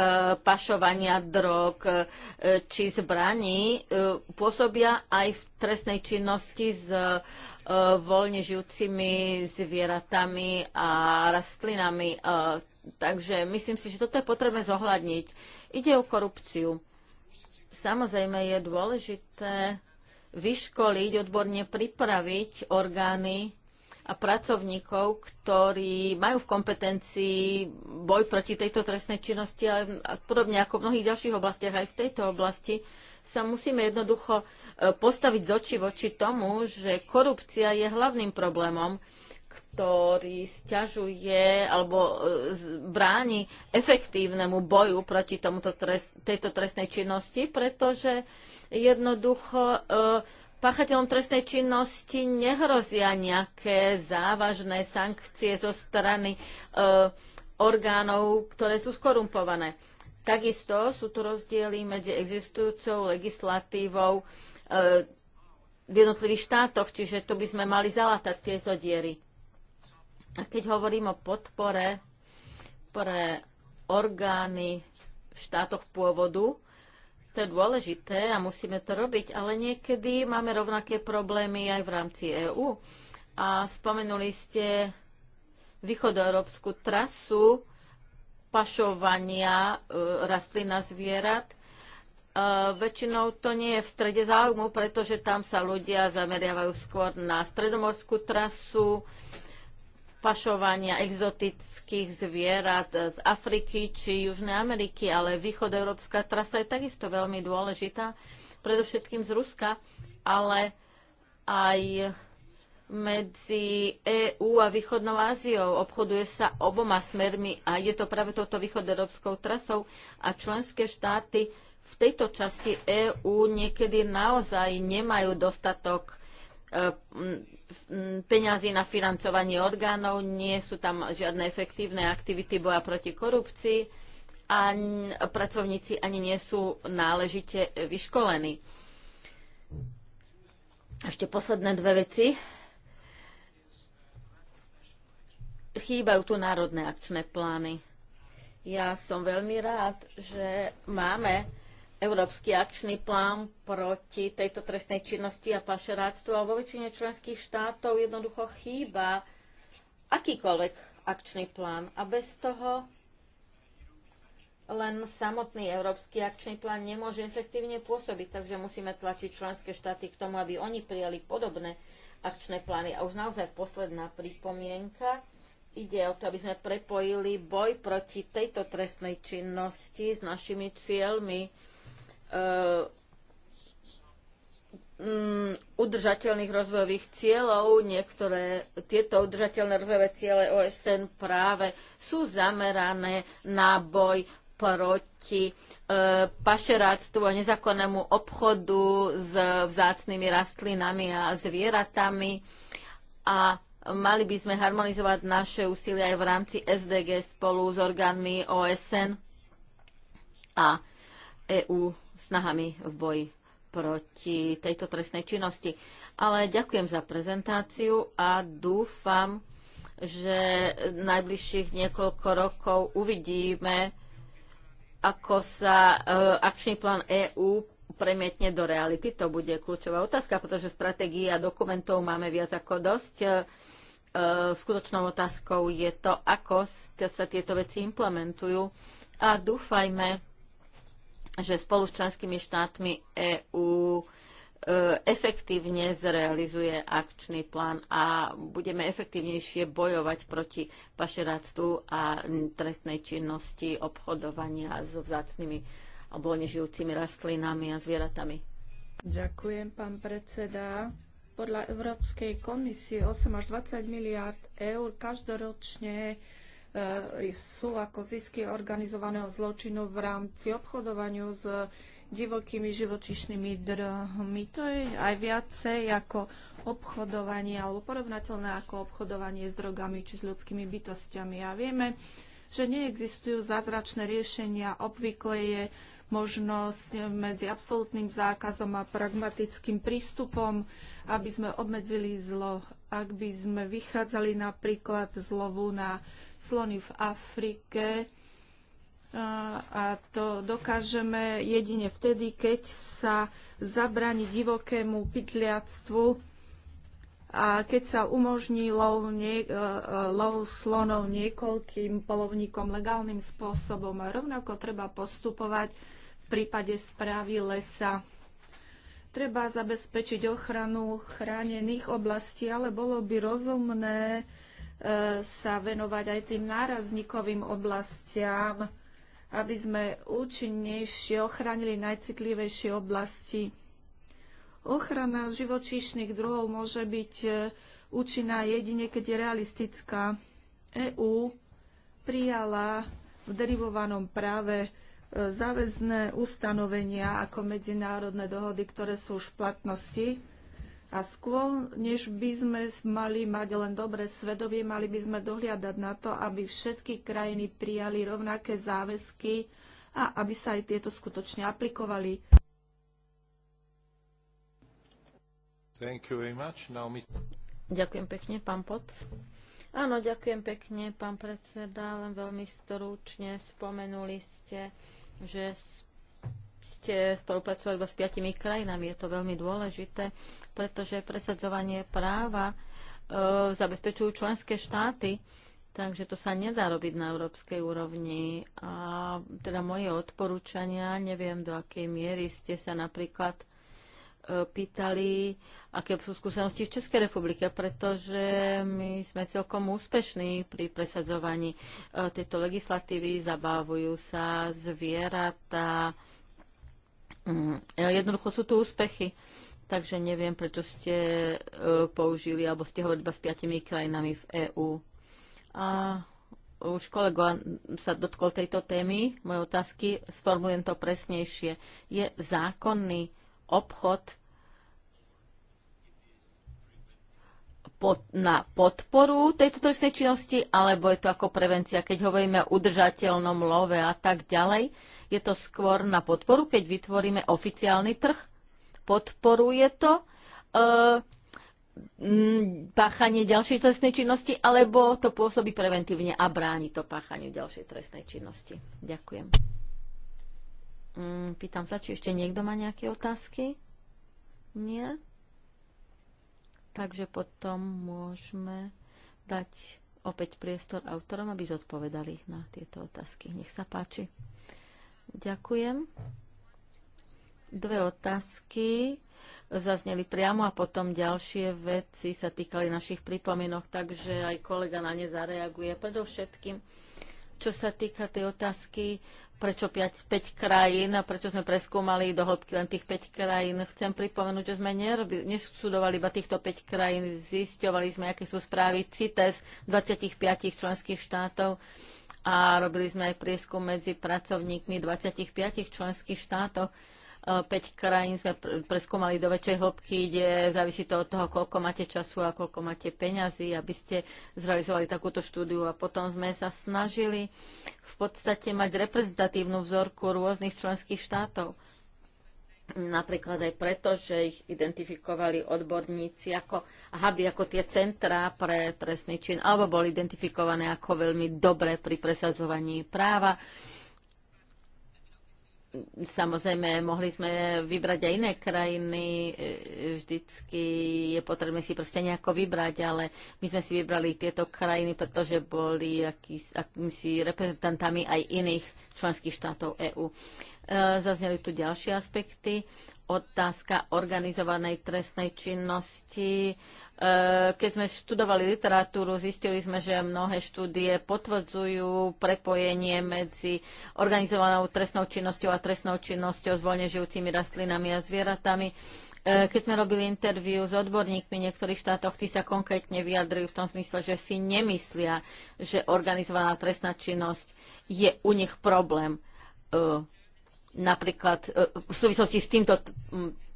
pašovania drog e, či zbraní, e, pôsobia aj v trestnej činnosti s voľne žijúcimi zvieratami a rastlinami. Takže myslím si, že toto je potrebné zohľadniť. Ide o korupciu Samozrejme je dôležité vyškoliť, odborne pripraviť orgány a pracovníkov, ktorí majú v kompetencii boj proti tejto trestnej činnosti, ale podobne ako v mnohých ďalších oblastiach, aj v tejto oblasti sa musíme jednoducho e, postaviť z oči voči tomu, že korupcia je hlavným problémom ktorý stiažuje alebo e, bráni efektívnemu boju proti tomuto trest, tejto trestnej činnosti, pretože jednoducho e, páchateľom trestnej činnosti nehrozia nejaké závažné sankcie zo strany e, orgánov, ktoré sú skorumpované. Takisto sú tu rozdiely medzi existujúcou legislatívou v jednotlivých štátoch, čiže tu by sme mali zalatať tieto diery. A Keď hovorím o podpore pre orgány v štátoch pôvodu, to je dôležité a musíme to robiť, ale niekedy máme rovnaké problémy aj v rámci EÚ. A spomenuli ste východoeurópsku trasu pašovania e, rastlín a zvierat. E, väčšinou to nie je v strede záujmu, pretože tam sa ľudia zameriavajú skôr na stredomorskú trasu, pašovania exotických zvierat z Afriky či Južnej Ameriky, ale východoeurópska trasa je takisto veľmi dôležitá, predovšetkým z Ruska, ale aj medzi EÚ a Východnou Áziou. Obchoduje sa oboma smermi a je to práve touto východoeurópskou trasou a členské štáty v tejto časti EÚ niekedy naozaj nemajú dostatok peňazí na financovanie orgánov, nie sú tam žiadne efektívne aktivity boja proti korupcii a pracovníci ani nie sú náležite vyškolení. Ešte posledné dve veci. Chýbajú tu národné akčné plány. Ja som veľmi rád, že máme Európsky akčný plán proti tejto trestnej činnosti a pašeráctvu a vo väčšine členských štátov jednoducho chýba akýkoľvek akčný plán a bez toho len samotný Európsky akčný plán nemôže efektívne pôsobiť, takže musíme tlačiť členské štáty k tomu, aby oni prijali podobné akčné plány. A už naozaj posledná pripomienka. Ide o to, aby sme prepojili boj proti tejto trestnej činnosti s našimi cieľmi E, mm, udržateľných rozvojových cieľov. Niektoré tieto udržateľné rozvojové ciele OSN práve sú zamerané na boj proti e, pašeráctvu a nezákonnému obchodu s vzácnými rastlinami a zvieratami. A mali by sme harmonizovať naše úsilie aj v rámci SDG spolu s orgánmi OSN a EU snahami v boji proti tejto trestnej činnosti. Ale ďakujem za prezentáciu a dúfam, že najbližších niekoľko rokov uvidíme, ako sa e, akčný plán EÚ premietne do reality. To bude kľúčová otázka, pretože stratégií a dokumentov máme viac ako dosť. E, skutočnou otázkou je to, ako sa tieto veci implementujú. A dúfajme, že spolu s členskými štátmi EÚ e, efektívne zrealizuje akčný plán a budeme efektívnejšie bojovať proti pašeráctvu a trestnej činnosti obchodovania so vzácnými alebo nežijúcimi rastlinami a zvieratami. Ďakujem, pán predseda. Podľa Európskej komisie 8 až 20 miliard eur každoročne E, sú ako zisky organizovaného zločinu v rámci obchodovania s divokými živočišnými drhmi. To je aj viacej ako obchodovanie alebo porovnateľné ako obchodovanie s drogami či s ľudskými bytostiami. A vieme, že neexistujú zázračné riešenia. Obvykle je možnosť medzi absolútnym zákazom a pragmatickým prístupom, aby sme obmedzili zlo. Ak by sme vychádzali napríklad z lovu na slony v Afrike, a to dokážeme jedine vtedy, keď sa zabrani divokému pytliactvu a keď sa umožní lov, nie, e, e, lov slonov niekoľkým polovníkom legálnym spôsobom. A rovnako treba postupovať v prípade správy lesa. Treba zabezpečiť ochranu chránených oblastí, ale bolo by rozumné e, sa venovať aj tým nárazníkovým oblastiam, aby sme účinnejšie ochránili najcitlivejšie oblasti. Ochrana živočíšnych druhov môže byť e, účinná jedine, keď je realistická. EÚ prijala v derivovanom práve záväzné ustanovenia ako medzinárodné dohody, ktoré sú už v platnosti. A skôr, než by sme mali mať len dobré svedovie, mali by sme dohliadať na to, aby všetky krajiny prijali rovnaké záväzky a aby sa aj tieto skutočne aplikovali. Thank you very much. Now, Ďakujem pekne, pán Poc. Áno, ďakujem pekne, pán predseda. Len veľmi storúčne spomenuli ste že ste spolupracovali s piatimi krajinami. Je to veľmi dôležité, pretože presadzovanie práva e, zabezpečujú členské štáty, takže to sa nedá robiť na európskej úrovni. A teda moje odporúčania, neviem do akej miery ste sa napríklad E, pýtali, aké sú skúsenosti v Českej republike, pretože my sme celkom úspešní pri presadzovaní e, tejto legislatívy. Zabávajú sa zvieratá. Mm, e, jednoducho sú tu úspechy. Takže neviem, prečo ste použili, alebo ste hovorili iba s piatimi krajinami v EÚ. A už kolega sa dotkol tejto témy, mojej otázky, sformulujem to presnejšie. Je zákonný obchod na podporu tejto trestnej činnosti, alebo je to ako prevencia, keď hovoríme o udržateľnom love a tak ďalej. Je to skôr na podporu, keď vytvoríme oficiálny trh. Podporuje to e, páchanie ďalšej trestnej činnosti, alebo to pôsobí preventívne a bráni to páchaniu ďalšej trestnej činnosti. Ďakujem. Mm, pýtam sa, či ešte niekto má nejaké otázky? Nie? Takže potom môžeme dať opäť priestor autorom, aby zodpovedali na tieto otázky. Nech sa páči. Ďakujem. Dve otázky zazneli priamo a potom ďalšie veci sa týkali našich pripomienok, takže aj kolega na ne zareaguje. Predovšetkým, čo sa týka tej otázky, prečo 5, 5 krajín a prečo sme preskúmali do hĺbky len tých 5 krajín. Chcem pripomenúť, že sme nesudovali iba týchto 5 krajín, zisťovali sme, aké sú správy CITES 25 členských štátov a robili sme aj prieskum medzi pracovníkmi 25 členských štátov 5 e, krajín sme preskúmali do väčšej hĺbky, kde závisí to od toho, koľko máte času a koľko máte peňazí, aby ste zrealizovali takúto štúdiu. A potom sme sa snažili v podstate mať reprezentatívnu vzorku rôznych členských štátov. Napríklad aj preto, že ich identifikovali odborníci ako huby, ako tie centrá pre trestný čin, alebo boli identifikované ako veľmi dobré pri presadzovaní práva Samozrejme, mohli sme vybrať aj iné krajiny, e, vždycky je potrebné si proste nejako vybrať, ale my sme si vybrali tieto krajiny, pretože boli akýmsi reprezentantami aj iných členských štátov EÚ. E, zazneli tu ďalšie aspekty otázka organizovanej trestnej činnosti. E, keď sme študovali literatúru, zistili sme, že mnohé štúdie potvrdzujú prepojenie medzi organizovanou trestnou činnosťou a trestnou činnosťou s voľne žijúcimi rastlinami a zvieratami. E, keď sme robili interviu s odborníkmi v niektorých štátoch, tí sa konkrétne vyjadrili v tom smysle, že si nemyslia, že organizovaná trestná činnosť je u nich problém e, napríklad e, v súvislosti s týmto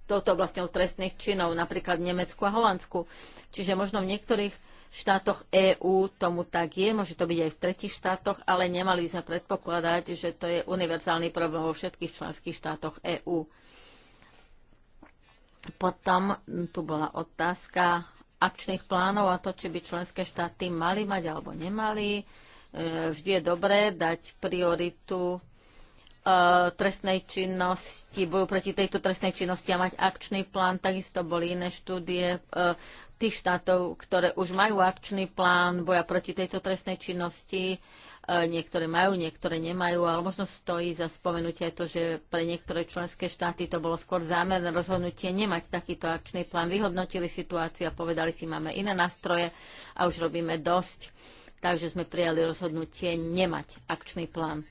touto oblasťou trestných činov, napríklad v Nemecku a Holandsku. Čiže možno v niektorých štátoch EÚ tomu tak je, môže to byť aj v tretich štátoch, ale nemali by sme predpokladať, že to je univerzálny problém vo všetkých členských štátoch EÚ. Potom tu bola otázka akčných plánov a to, či by členské štáty mali mať alebo nemali. E, vždy je dobré dať prioritu Eh, trestnej činnosti, boju proti tejto trestnej činnosti a mať akčný plán. Takisto boli iné štúdie eh, tých štátov, ktoré už majú akčný plán boja proti tejto trestnej činnosti. Eh, niektoré majú, niektoré nemajú, ale možno stojí za spomenutie aj to, že pre niektoré členské štáty to bolo skôr zámerné rozhodnutie nemať takýto akčný plán. Vyhodnotili situáciu a povedali si, máme iné nástroje a už robíme dosť. Takže sme prijali rozhodnutie nemať akčný plán.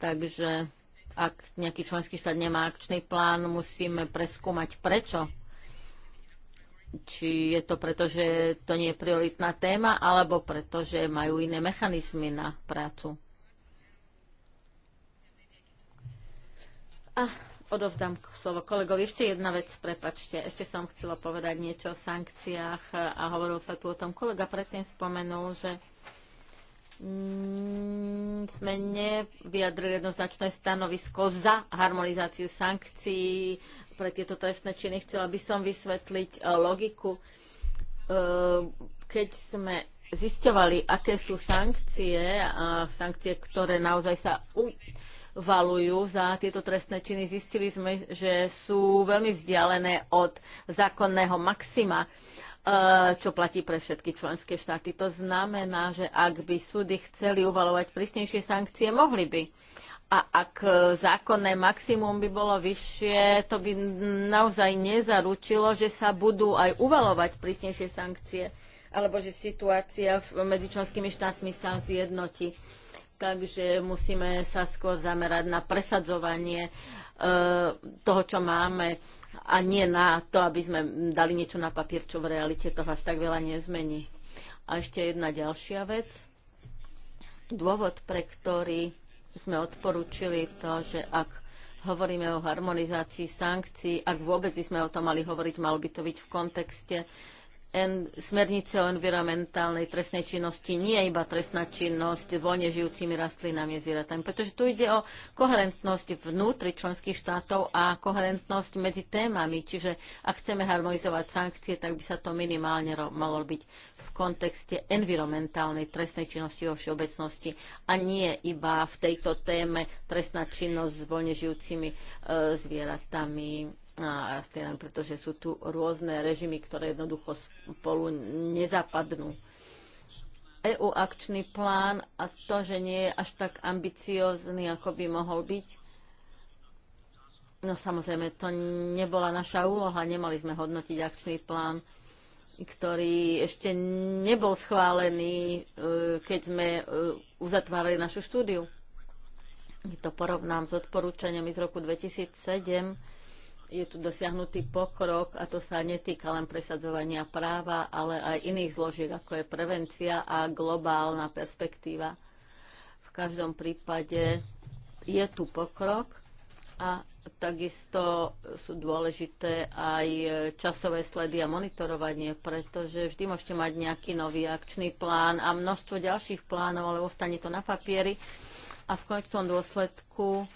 Takže ak nejaký členský štát nemá akčný plán, musíme preskúmať prečo. Či je to preto, že to nie je prioritná téma, alebo preto, že majú iné mechanizmy na prácu. A odovzdám slovo kolegovi. Ešte jedna vec, prepačte. Ešte som chcela povedať niečo o sankciách a hovoril sa tu o tom. Kolega predtým spomenul, že Mm, sme nevyjadrili jednoznačné stanovisko za harmonizáciu sankcií pre tieto trestné činy. Chcela by som vysvetliť eh, logiku. Eh, keď sme zisťovali, aké sú sankcie, a sankcie, ktoré naozaj sa uvalujú za tieto trestné činy, zistili sme, že sú veľmi vzdialené od zákonného maxima E, čo platí pre všetky členské štáty. To znamená, že ak by súdy chceli uvalovať prísnejšie sankcie, mohli by. A ak zákonné maximum by bolo vyššie, to by naozaj nezaručilo, že sa budú aj uvalovať prísnejšie sankcie, alebo že situácia medzi členskými štátmi sa zjednotí. Takže musíme sa skôr zamerať na presadzovanie e, toho, čo máme a nie na to, aby sme dali niečo na papier, čo v realite to až tak veľa nezmení. A ešte jedna ďalšia vec. Dôvod, pre ktorý sme odporúčili to, že ak hovoríme o harmonizácii sankcií, ak vôbec by sme o tom mali hovoriť, malo by to byť v kontexte en, smernice o environmentálnej trestnej činnosti nie je iba trestná činnosť s voľne žijúcimi rastlinami a zvieratami, pretože tu ide o koherentnosť vnútri členských štátov a koherentnosť medzi témami. Čiže ak chceme harmonizovať sankcie, tak by sa to minimálne malo robiť v kontexte environmentálnej trestnej činnosti vo všeobecnosti a nie iba v tejto téme trestná činnosť s voľne žijúcimi e, zvieratami a rastie len preto, že sú tu rôzne režimy, ktoré jednoducho spolu nezapadnú. EU akčný plán a to, že nie je až tak ambiciózny, ako by mohol byť, no samozrejme, to nebola naša úloha, nemali sme hodnotiť akčný plán ktorý ešte nebol schválený, e, keď sme e, uzatvárali našu štúdiu. Keď to porovnám s odporúčaniami z roku 2007, je tu dosiahnutý pokrok a to sa netýka len presadzovania práva, ale aj iných zložiek, ako je prevencia a globálna perspektíva. V každom prípade je tu pokrok a takisto sú dôležité aj časové sledy a monitorovanie, pretože vždy môžete mať nejaký nový akčný plán a množstvo ďalších plánov, ale ostane to na papieri a v konečnom dôsledku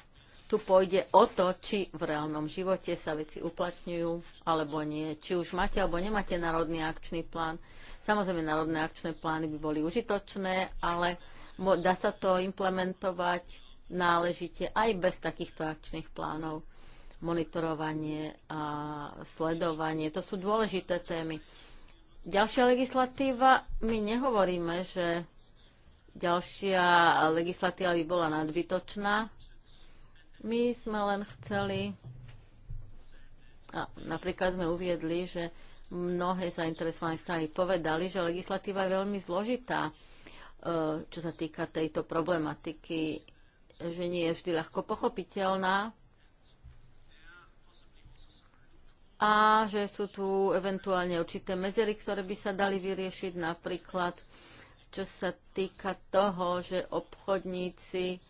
tu pôjde o to, či v reálnom živote sa veci uplatňujú alebo nie. Či už máte alebo nemáte národný akčný plán. Samozrejme, národné akčné plány by boli užitočné, ale dá sa to implementovať náležite aj bez takýchto akčných plánov. Monitorovanie a sledovanie, to sú dôležité témy. Ďalšia legislatíva, my nehovoríme, že ďalšia legislatíva by bola nadbytočná, my sme len chceli, a napríklad sme uviedli, že mnohé zainteresované strany povedali, že legislatíva je veľmi zložitá, e, čo sa týka tejto problematiky, že nie je vždy ľahko pochopiteľná a že sú tu eventuálne určité medzery, ktoré by sa dali vyriešiť napríklad čo sa týka toho, že obchodníci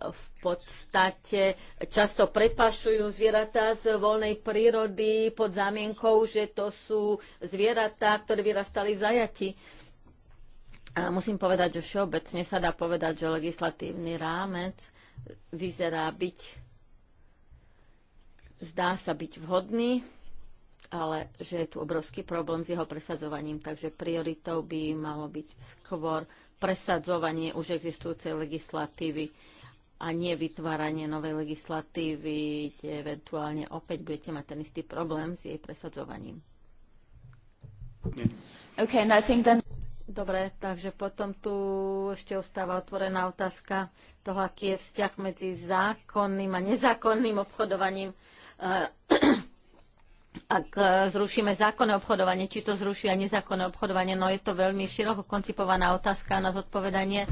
v podstate často prepašujú zvieratá z voľnej prírody pod zámienkou, že to sú zvieratá, ktoré vyrastali v zajati. A musím povedať, že všeobecne sa dá povedať, že legislatívny rámec vyzerá byť, zdá sa byť vhodný, ale že je tu obrovský problém s jeho presadzovaním, takže prioritou by malo byť skôr presadzovanie už existujúcej legislatívy a nie vytváranie novej legislatívy, kde eventuálne opäť budete mať ten istý problém s jej presadzovaním. Okay, and I think then... Dobre, takže potom tu ešte ostáva otvorená otázka toho, aký je vzťah medzi zákonným a nezákonným obchodovaním. Eh, ak eh, zrušíme zákonné obchodovanie, či to zruší aj nezákonné obchodovanie, no je to veľmi široko koncipovaná otázka na zodpovedanie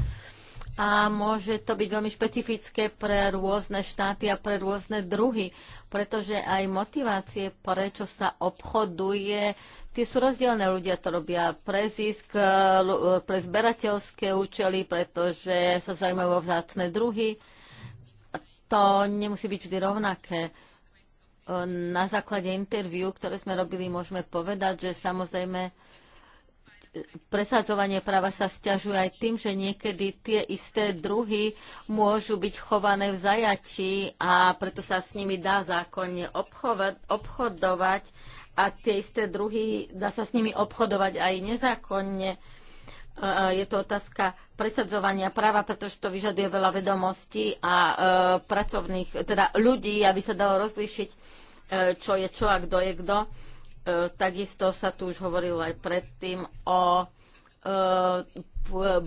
a môže to byť veľmi špecifické pre rôzne štáty a pre rôzne druhy, pretože aj motivácie, prečo sa obchoduje, tie sú rozdielne. Ľudia to robia pre zisk, eh, eh, pre zberateľské účely, pretože sa zaujímajú o vzácne druhy. To nemusí byť vždy rovnaké. Eh, na základe interviu, ktoré sme robili, môžeme povedať, že samozrejme presadzovanie práva sa stiažuje aj tým, že niekedy tie isté druhy môžu byť chované v zajati a preto sa s nimi dá zákonne obchodovať a tie isté druhy dá sa s nimi obchodovať aj nezákonne. Je to otázka presadzovania práva, pretože to vyžaduje veľa vedomostí a e, pracovných, teda ľudí, aby sa dalo rozlíšiť, e, čo je čo a kto je kto E, takisto sa tu už hovorilo aj predtým o e,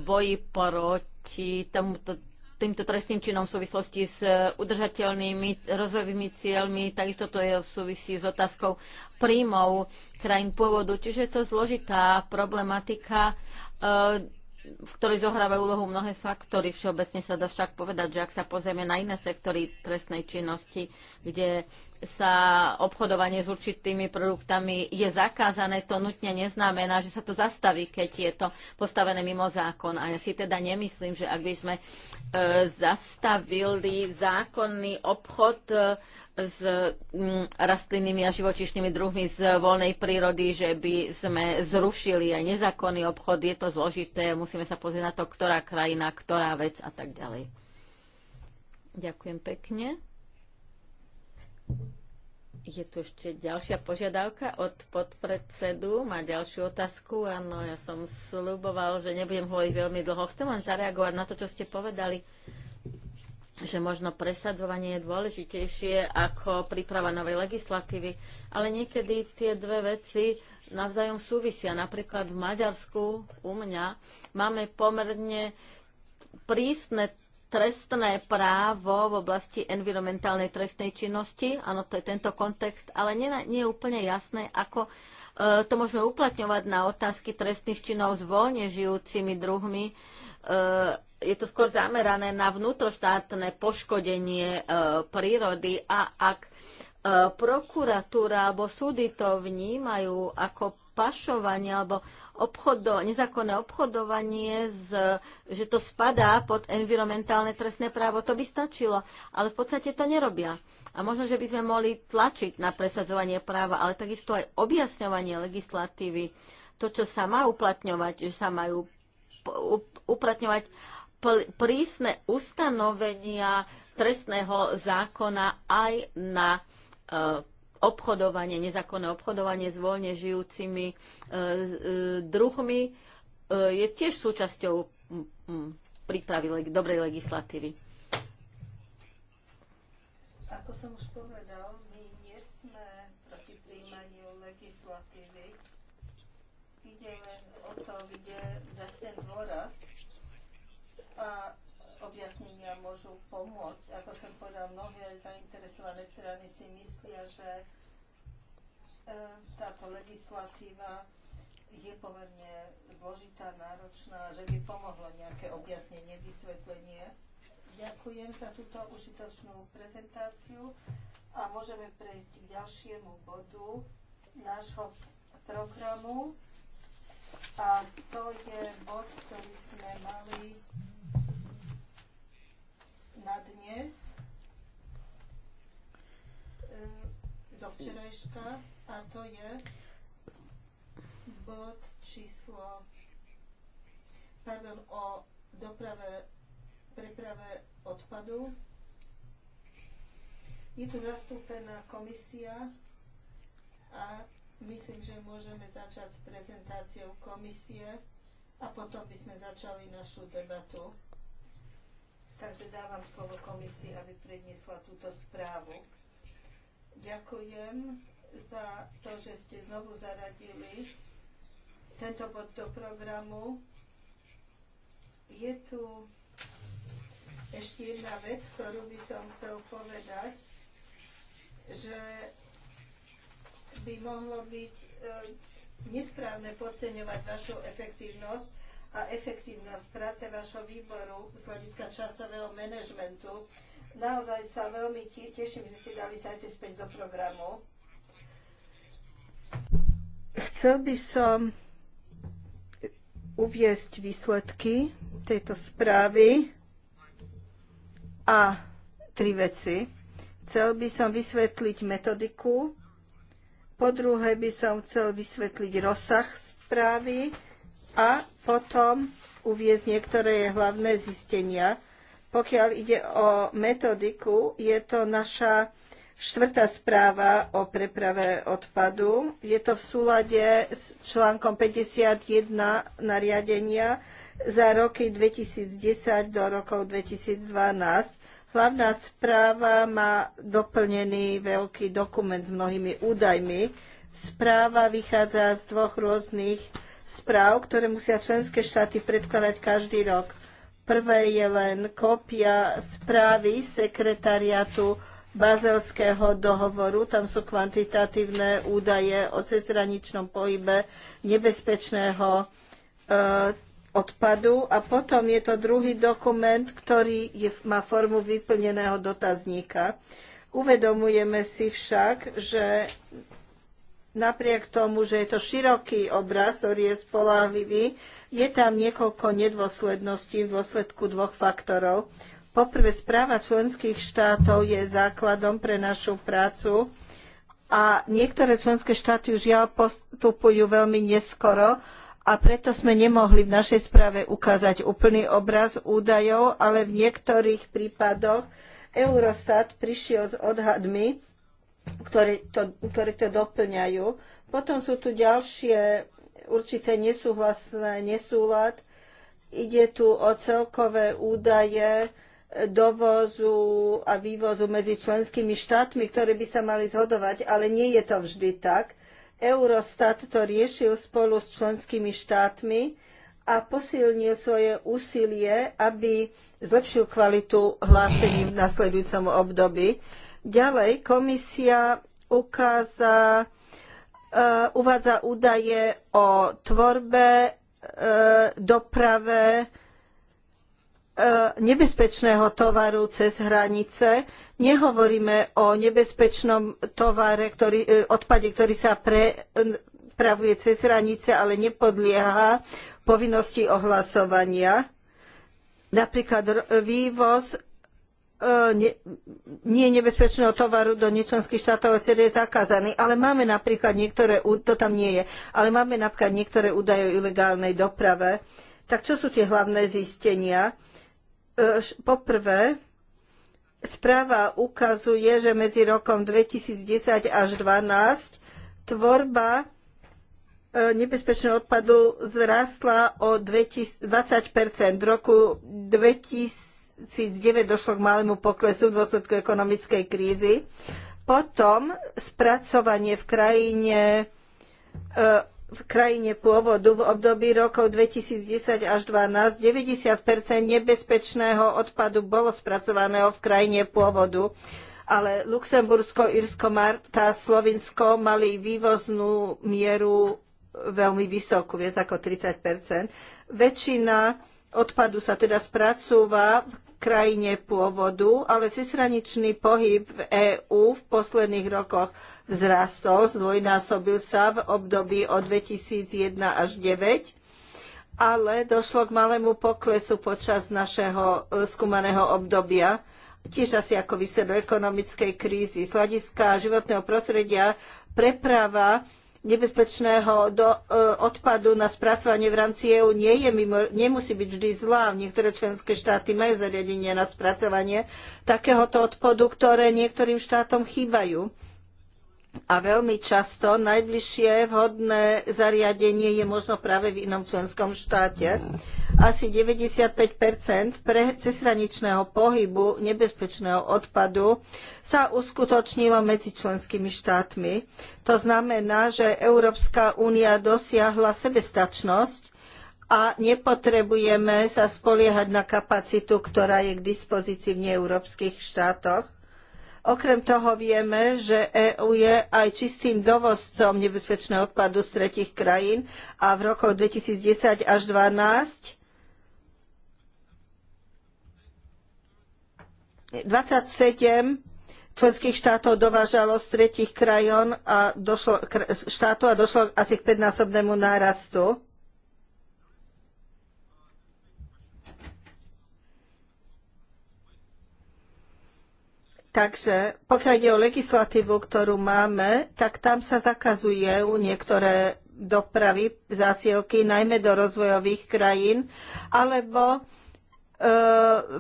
boji proti tomuto týmto trestným činom v súvislosti s udržateľnými rozvojovými cieľmi. Takisto to je v súvisí s otázkou príjmov krajín pôvodu. Čiže je to zložitá problematika, e, v ktorej zohrávajú úlohu mnohé faktory. Všeobecne sa dá však povedať, že ak sa pozrieme na iné sektory trestnej činnosti, kde sa obchodovanie s určitými produktami je zakázané, to nutne neznamená, že sa to zastaví, keď je to postavené mimo zákon. A ja si teda nemyslím, že ak by sme e, zastavili zákonný obchod e, s m, mm, rastlinnými a živočišnými druhmi z voľnej prírody, že by sme zrušili aj nezákonný obchod. Je to zložité, musíme sa pozrieť na to, ktorá krajina, ktorá vec a tak ďalej. Ďakujem pekne. Je tu ešte ďalšia požiadavka od podpredsedu. Má ďalšiu otázku. Áno, ja som sluboval, že nebudem hovoriť veľmi dlho. Chcem len zareagovať na to, čo ste povedali že možno presadzovanie je dôležitejšie ako príprava novej legislatívy. Ale niekedy tie dve veci navzájom súvisia. Napríklad v Maďarsku u mňa máme pomerne prísne trestné právo v oblasti environmentálnej trestnej činnosti, áno, to je tento kontext, ale nie, nie je úplne jasné, ako e, to môžeme uplatňovať na otázky trestných činov s voľne žijúcimi druhmi. E, je to skôr zamerané na vnútroštátne poškodenie e, prírody a ak prokuratúra alebo súdy to vnímajú ako pašovanie alebo obchodo, nezákonné obchodovanie, z, že to spadá pod environmentálne trestné právo, to by stačilo. Ale v podstate to nerobia. A možno, že by sme mohli tlačiť na presadzovanie práva, ale takisto aj objasňovanie legislatívy, to, čo sa má uplatňovať, že sa majú uplatňovať prísne ustanovenia trestného zákona aj na e, obchodovanie, nezákonné obchodovanie s voľne žijúcimi e, e, druhmi e, je tiež súčasťou prípravy dobrej legislatívy. Ako som už povedal, my nie sme proti príjmaniu legislatívy. Ide len o to, kde dať ten dôraz. A objasnenia môžu pomôcť. Ako som povedal, mnohé zainteresované strany si myslia, že e, táto legislatíva je pomerne zložitá, náročná, že by pomohlo nejaké objasnenie, vysvetlenie. Ďakujem za túto užitočnú prezentáciu a môžeme prejsť k ďalšiemu bodu nášho programu. A to je bod, ktorý sme mali na dnes e, zo včerajška a to je bod číslo pardon, o doprave preprave odpadu. Je tu zastúpená komisia a myslím, že môžeme začať s prezentáciou komisie a potom by sme začali našu debatu. Takže dávam slovo komisii, aby predniesla túto správu. Ďakujem za to, že ste znovu zaradili tento bod do programu. Je tu ešte jedna vec, ktorú by som chcel povedať, že by mohlo byť eh, nesprávne podceňovať vašu efektívnosť, a efektívnosť práce vašho výboru z hľadiska časového manažmentu. Naozaj sa veľmi teším, že ste dali sa aj späť do programu. Chcel by som uviesť výsledky tejto správy a tri veci. Chcel by som vysvetliť metodiku, po druhé by som chcel vysvetliť rozsah správy a potom uviezť niektoré hlavné zistenia. Pokiaľ ide o metodiku, je to naša štvrtá správa o preprave odpadu. Je to v súlade s článkom 51 nariadenia za roky 2010 do rokov 2012. Hlavná správa má doplnený veľký dokument s mnohými údajmi. Správa vychádza z dvoch rôznych správ, ktoré musia členské štáty predkladať každý rok. Prvé je len kópia správy sekretariatu Bazelského dohovoru. Tam sú kvantitatívne údaje o cezraničnom pohybe nebezpečného e, odpadu. A potom je to druhý dokument, ktorý je, má formu vyplneného dotazníka. Uvedomujeme si však, že napriek tomu, že je to široký obraz, ktorý je spolahlivý, je tam niekoľko nedôsledností v dôsledku dvoch faktorov. Poprvé, správa členských štátov je základom pre našu prácu a niektoré členské štáty už žiaľ postupujú veľmi neskoro a preto sme nemohli v našej správe ukázať úplný obraz údajov, ale v niektorých prípadoch Eurostat prišiel s odhadmi, ktoré to, ktoré to doplňajú. Potom sú tu ďalšie určité nesúhlasné nesúlad. Ide tu o celkové údaje dovozu a vývozu medzi členskými štátmi, ktoré by sa mali zhodovať, ale nie je to vždy tak. Eurostat to riešil spolu s členskými štátmi a posilnil svoje úsilie, aby zlepšil kvalitu hlásení v nasledujúcom období. Ďalej komisia ukáza, e, uvádza údaje o tvorbe, e, doprave e, nebezpečného tovaru cez hranice. Nehovoríme o nebezpečnom tovare, ktorý, odpade, ktorý sa prepravuje cez hranice, ale nepodlieha povinnosti ohlasovania. Napríklad vývoz nie, nie nebezpečného tovaru do nečlenských štátov CD je zakázaný, ale máme napríklad niektoré, to tam nie je, ale máme napríklad niektoré údaje o ilegálnej doprave. Tak čo sú tie hlavné zistenia? E, poprvé, správa ukazuje, že medzi rokom 2010 až 2012 tvorba e, nebezpečného odpadu zrastla o 20 v roku 2000 2009 došlo k malému poklesu v dôsledku ekonomickej krízy. Potom spracovanie v krajine e, v krajine pôvodu v období rokov 2010 až 2012 90 nebezpečného odpadu bolo spracovaného v krajine pôvodu, ale Luxembursko, Irsko, Marta, Slovinsko mali vývoznú mieru veľmi vysokú, viac ako 30 Väčšina odpadu sa teda spracúva v krajine pôvodu, ale cezhraničný pohyb v EÚ v posledných rokoch vzrastol, zdvojnásobil sa v období od 2001 až 2009 ale došlo k malému poklesu počas našeho e, skúmaného obdobia, tiež asi ako výsledok ekonomickej krízy. Z hľadiska životného prostredia preprava nebezpečného do, e, odpadu na spracovanie v rámci EÚ nie je mimo, nemusí byť vždy zlá. Niektoré členské štáty majú zariadenia na spracovanie takéhoto odpadu, ktoré niektorým štátom chýbajú. A veľmi často najbližšie vhodné zariadenie je možno práve v inom členskom štáte. Asi 95 pre cezhraničného pohybu nebezpečného odpadu sa uskutočnilo medzi členskými štátmi. To znamená, že Európska únia dosiahla sebestačnosť a nepotrebujeme sa spoliehať na kapacitu, ktorá je k dispozícii v neeurópskych štátoch Okrem toho vieme, že EÚ je aj čistým dovozcom nebezpečného odpadu z tretich krajín a v rokoch 2010 až 2012 27 členských štátov dovážalo z tretich krajín a došlo, štátov a došlo asi k 5-násobnému nárastu. Takže pokiaľ ide o legislatívu, ktorú máme, tak tam sa zakazuje u niektoré dopravy, zásielky, najmä do rozvojových krajín, alebo e,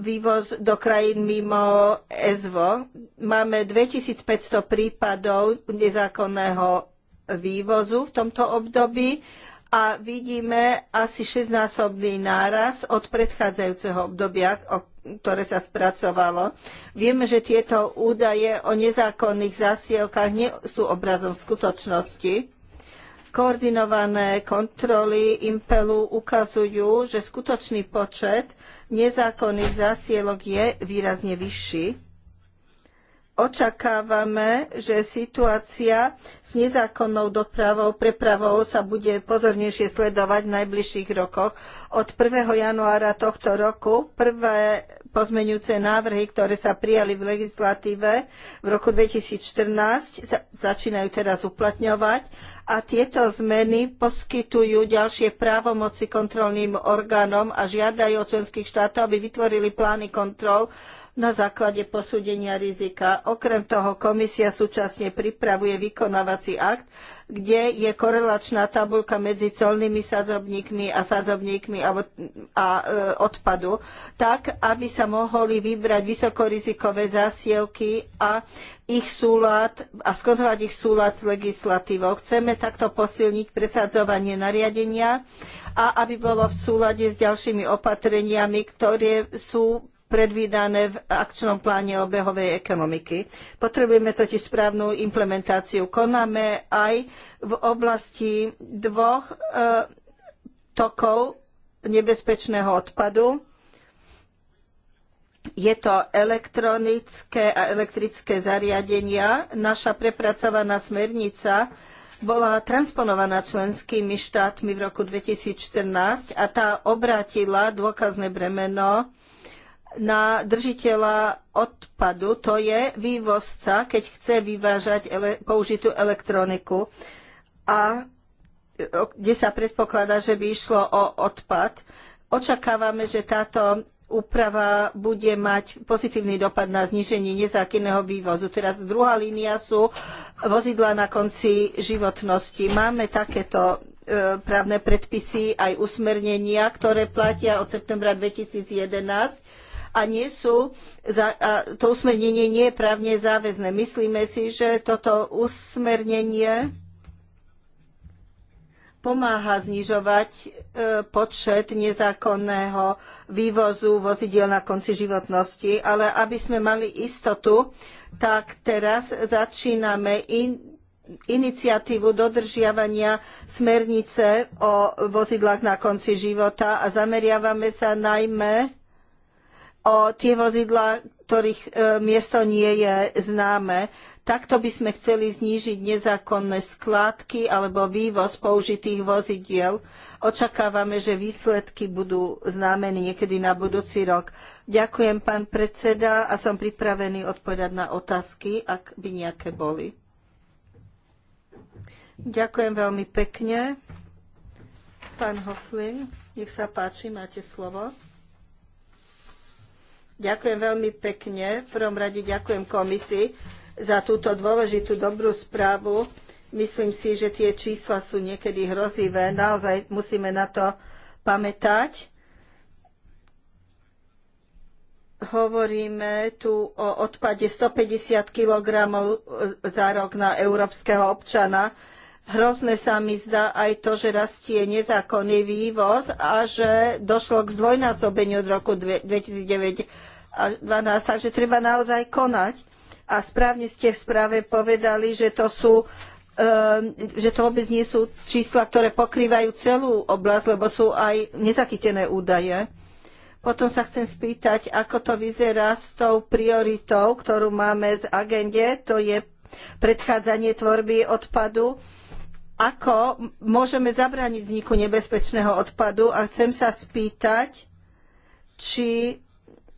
vývoz do krajín mimo EZVO. Máme 2500 prípadov nezákonného vývozu v tomto období a vidíme asi 6-násobný náraz od predchádzajúceho obdobia, o ktoré sa spracovalo. Vieme, že tieto údaje o nezákonných zasielkach nie sú obrazom skutočnosti. Koordinované kontroly Impelu ukazujú, že skutočný počet nezákonných zasielok je výrazne vyšší očakávame, že situácia s nezákonnou dopravou, prepravou sa bude pozornejšie sledovať v najbližších rokoch. Od 1. januára tohto roku prvé pozmeňujúce návrhy, ktoré sa prijali v legislatíve v roku 2014, sa začínajú teraz uplatňovať a tieto zmeny poskytujú ďalšie právomoci kontrolným orgánom a žiadajú od členských štátov, aby vytvorili plány kontrol na základe posúdenia rizika. Okrem toho komisia súčasne pripravuje vykonávací akt, kde je korelačná tabulka medzi colnými sadzobníkmi a sadzobníkmi a, a e, odpadu, tak aby sa mohli vybrať vysokorizikové zásielky a ich súlad a skontrolovať ich súlad s legislatívou. Chceme takto posilniť presadzovanie nariadenia a aby bolo v súlade s ďalšími opatreniami, ktoré sú predvídané v akčnom pláne obehovej ekonomiky. Potrebujeme totiž správnu implementáciu. Konáme aj v oblasti dvoch e, tokov nebezpečného odpadu. Je to elektronické a elektrické zariadenia. Naša prepracovaná smernica bola transponovaná členskými štátmi v roku 2014 a tá obrátila dôkazné bremeno na držiteľa odpadu, to je vývozca, keď chce vyvážať ele- použitú elektroniku a kde sa predpokladá, že by išlo o odpad. Očakávame, že táto úprava bude mať pozitívny dopad na zníženie nezákinného vývozu. Teraz druhá línia sú vozidla na konci životnosti. Máme takéto e, právne predpisy aj usmernenia, ktoré platia od septembra 2011 a nie sú, za, a to usmernenie nie je právne záväzné. Myslíme si, že toto usmernenie pomáha znižovať e, počet nezákonného vývozu vozidiel na konci životnosti, ale aby sme mali istotu, tak teraz začíname in, iniciatívu dodržiavania smernice o vozidlách na konci života a zameriavame sa najmä o tie vozidlá, ktorých e, miesto nie je známe. Takto by sme chceli znížiť nezákonné skládky alebo vývoz použitých vozidiel. Očakávame, že výsledky budú známe niekedy na budúci rok. Ďakujem, pán predseda, a som pripravený odpovedať na otázky, ak by nejaké boli. Ďakujem veľmi pekne. Pán Hoslin, nech sa páči, máte slovo. Ďakujem veľmi pekne. V prvom rade ďakujem komisii za túto dôležitú dobrú správu. Myslím si, že tie čísla sú niekedy hrozivé. Naozaj musíme na to pamätať. Hovoríme tu o odpade 150 kg za rok na európskeho občana Hrozné sa mi zdá aj to, že rastie nezákonný vývoz a že došlo k zdvojnásobeniu od roku 2009 2012, takže treba naozaj konať. A správne ste v správe povedali, že to sú ehm, že to vôbec nie sú čísla, ktoré pokrývajú celú oblasť, lebo sú aj nezachytené údaje. Potom sa chcem spýtať, ako to vyzerá s tou prioritou, ktorú máme z agende, to je predchádzanie tvorby odpadu ako môžeme zabrániť vzniku nebezpečného odpadu a chcem sa spýtať, či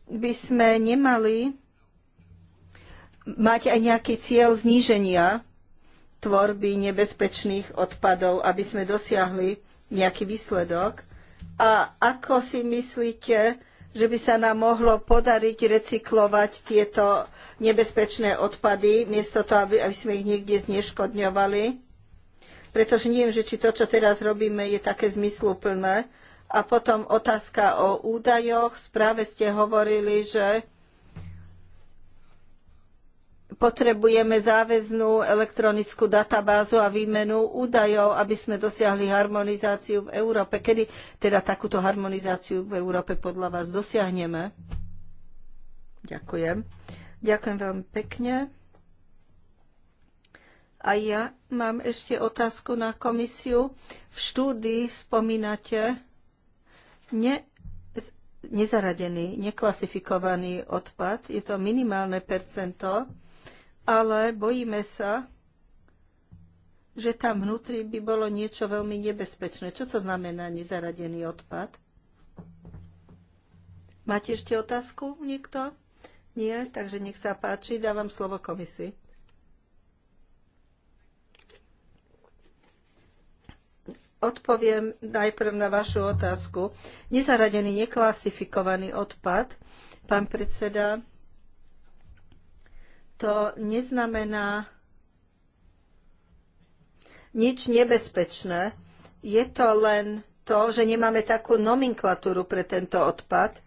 by sme nemali mať aj nejaký cieľ zníženia tvorby nebezpečných odpadov, aby sme dosiahli nejaký výsledok. A ako si myslíte, že by sa nám mohlo podariť recyklovať tieto nebezpečné odpady, miesto toho, aby sme ich niekde zneškodňovali? pretože neviem, že či to, čo teraz robíme, je také zmysluplné. A potom otázka o údajoch. Správe ste hovorili, že potrebujeme záväznú elektronickú databázu a výmenu údajov, aby sme dosiahli harmonizáciu v Európe. Kedy teda takúto harmonizáciu v Európe podľa vás dosiahneme? Ďakujem. Ďakujem veľmi pekne. A ja mám ešte otázku na komisiu. V štúdii spomínate ne, nezaradený, neklasifikovaný odpad. Je to minimálne percento, ale bojíme sa, že tam vnútri by bolo niečo veľmi nebezpečné. Čo to znamená nezaradený odpad? Máte ešte otázku niekto? Nie? Takže nech sa páči, dávam slovo komisii. Odpoviem najprv na vašu otázku. Nezaradený, neklasifikovaný odpad, pán predseda, to neznamená nič nebezpečné. Je to len to, že nemáme takú nomenklatúru pre tento odpad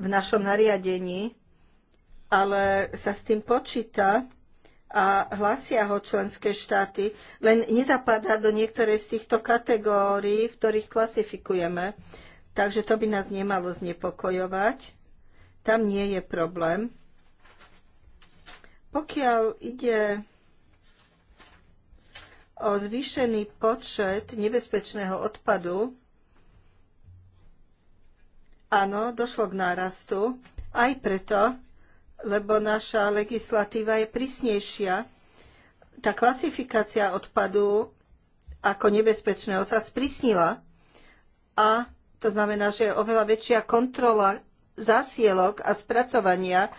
v našom nariadení, ale sa s tým počíta a hlasia ho členské štáty, len nezapadá do niektorej z týchto kategórií, v ktorých klasifikujeme. Takže to by nás nemalo znepokojovať. Tam nie je problém. Pokiaľ ide o zvýšený počet nebezpečného odpadu, áno, došlo k nárastu, aj preto, lebo naša legislatíva je prísnejšia. Tá klasifikácia odpadu ako nebezpečného sa sprísnila a to znamená, že je oveľa väčšia kontrola zásielok a spracovania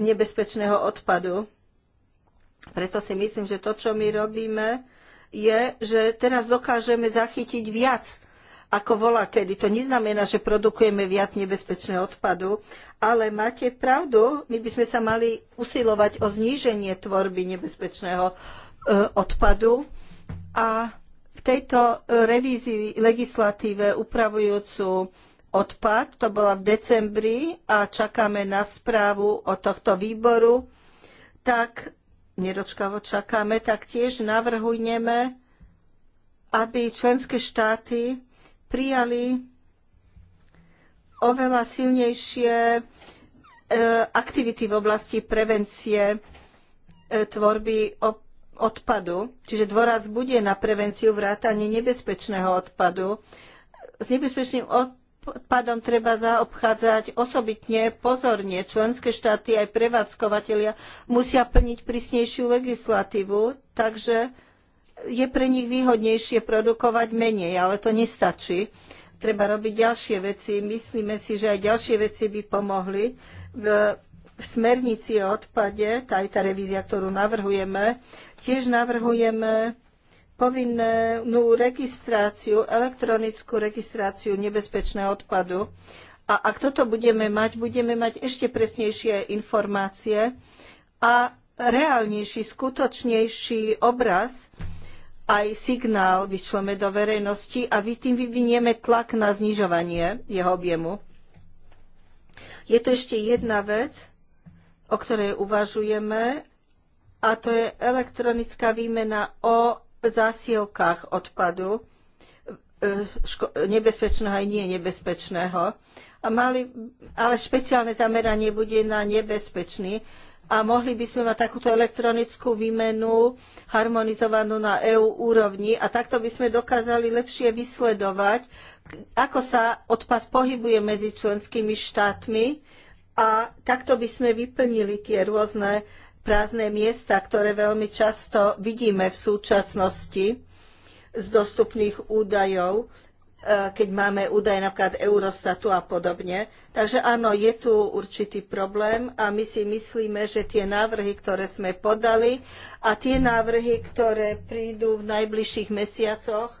nebezpečného odpadu. Preto si myslím, že to, čo my robíme, je, že teraz dokážeme zachytiť viac ako volá kedy. To neznamená, že produkujeme viac nebezpečného odpadu, ale máte pravdu, my by sme sa mali usilovať o zníženie tvorby nebezpečného e, odpadu a v tejto revízii legislatíve upravujúcu odpad, to bola v decembri a čakáme na správu od tohto výboru, tak nedočkavo čakáme, tak tiež navrhujeme, aby členské štáty prijali oveľa silnejšie e, aktivity v oblasti prevencie e, tvorby odpadu. Čiže dôraz bude na prevenciu vrátanie nebezpečného odpadu. S nebezpečným odpadom treba zaobchádzať osobitne, pozorne. Členské štáty aj prevádzkovateľia musia plniť prísnejšiu legislatívu, takže je pre nich výhodnejšie produkovať menej, ale to nestačí treba robiť ďalšie veci. Myslíme si, že aj ďalšie veci by pomohli. V, smernici o odpade, tá aj tá revízia, ktorú navrhujeme, tiež navrhujeme povinnú registráciu, elektronickú registráciu nebezpečného odpadu. A ak toto budeme mať, budeme mať ešte presnejšie informácie a reálnejší, skutočnejší obraz aj signál vyšleme do verejnosti a vy tým vyvinieme tlak na znižovanie jeho objemu. Je tu ešte jedna vec, o ktorej uvažujeme, a to je elektronická výmena o zásielkách odpadu, e, nebezpečného aj nie nebezpečného. A mali, ale špeciálne zameranie bude na nebezpečný a mohli by sme mať takúto elektronickú výmenu harmonizovanú na EÚ úrovni a takto by sme dokázali lepšie vysledovať, ako sa odpad pohybuje medzi členskými štátmi a takto by sme vyplnili tie rôzne prázdne miesta, ktoré veľmi často vidíme v súčasnosti z dostupných údajov E, keď máme údaje napríklad Eurostatu a podobne. Takže áno, je tu určitý problém a my si myslíme, že tie návrhy, ktoré sme podali a tie návrhy, ktoré prídu v najbližších mesiacoch,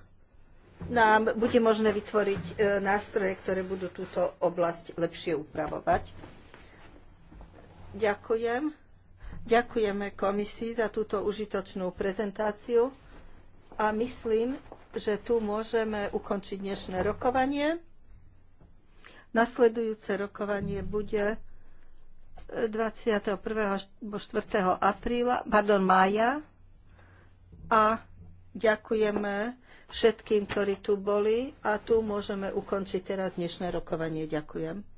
nám bude možné vytvoriť e, nástroje, ktoré budú túto oblasť lepšie upravovať. Ďakujem. Ďakujeme komisii za túto užitočnú prezentáciu a myslím, že tu môžeme ukončiť dnešné rokovanie. Nasledujúce rokovanie bude 21. 4. apríla, pardon, mája. A ďakujeme všetkým, ktorí tu boli a tu môžeme ukončiť teraz dnešné rokovanie. Ďakujem.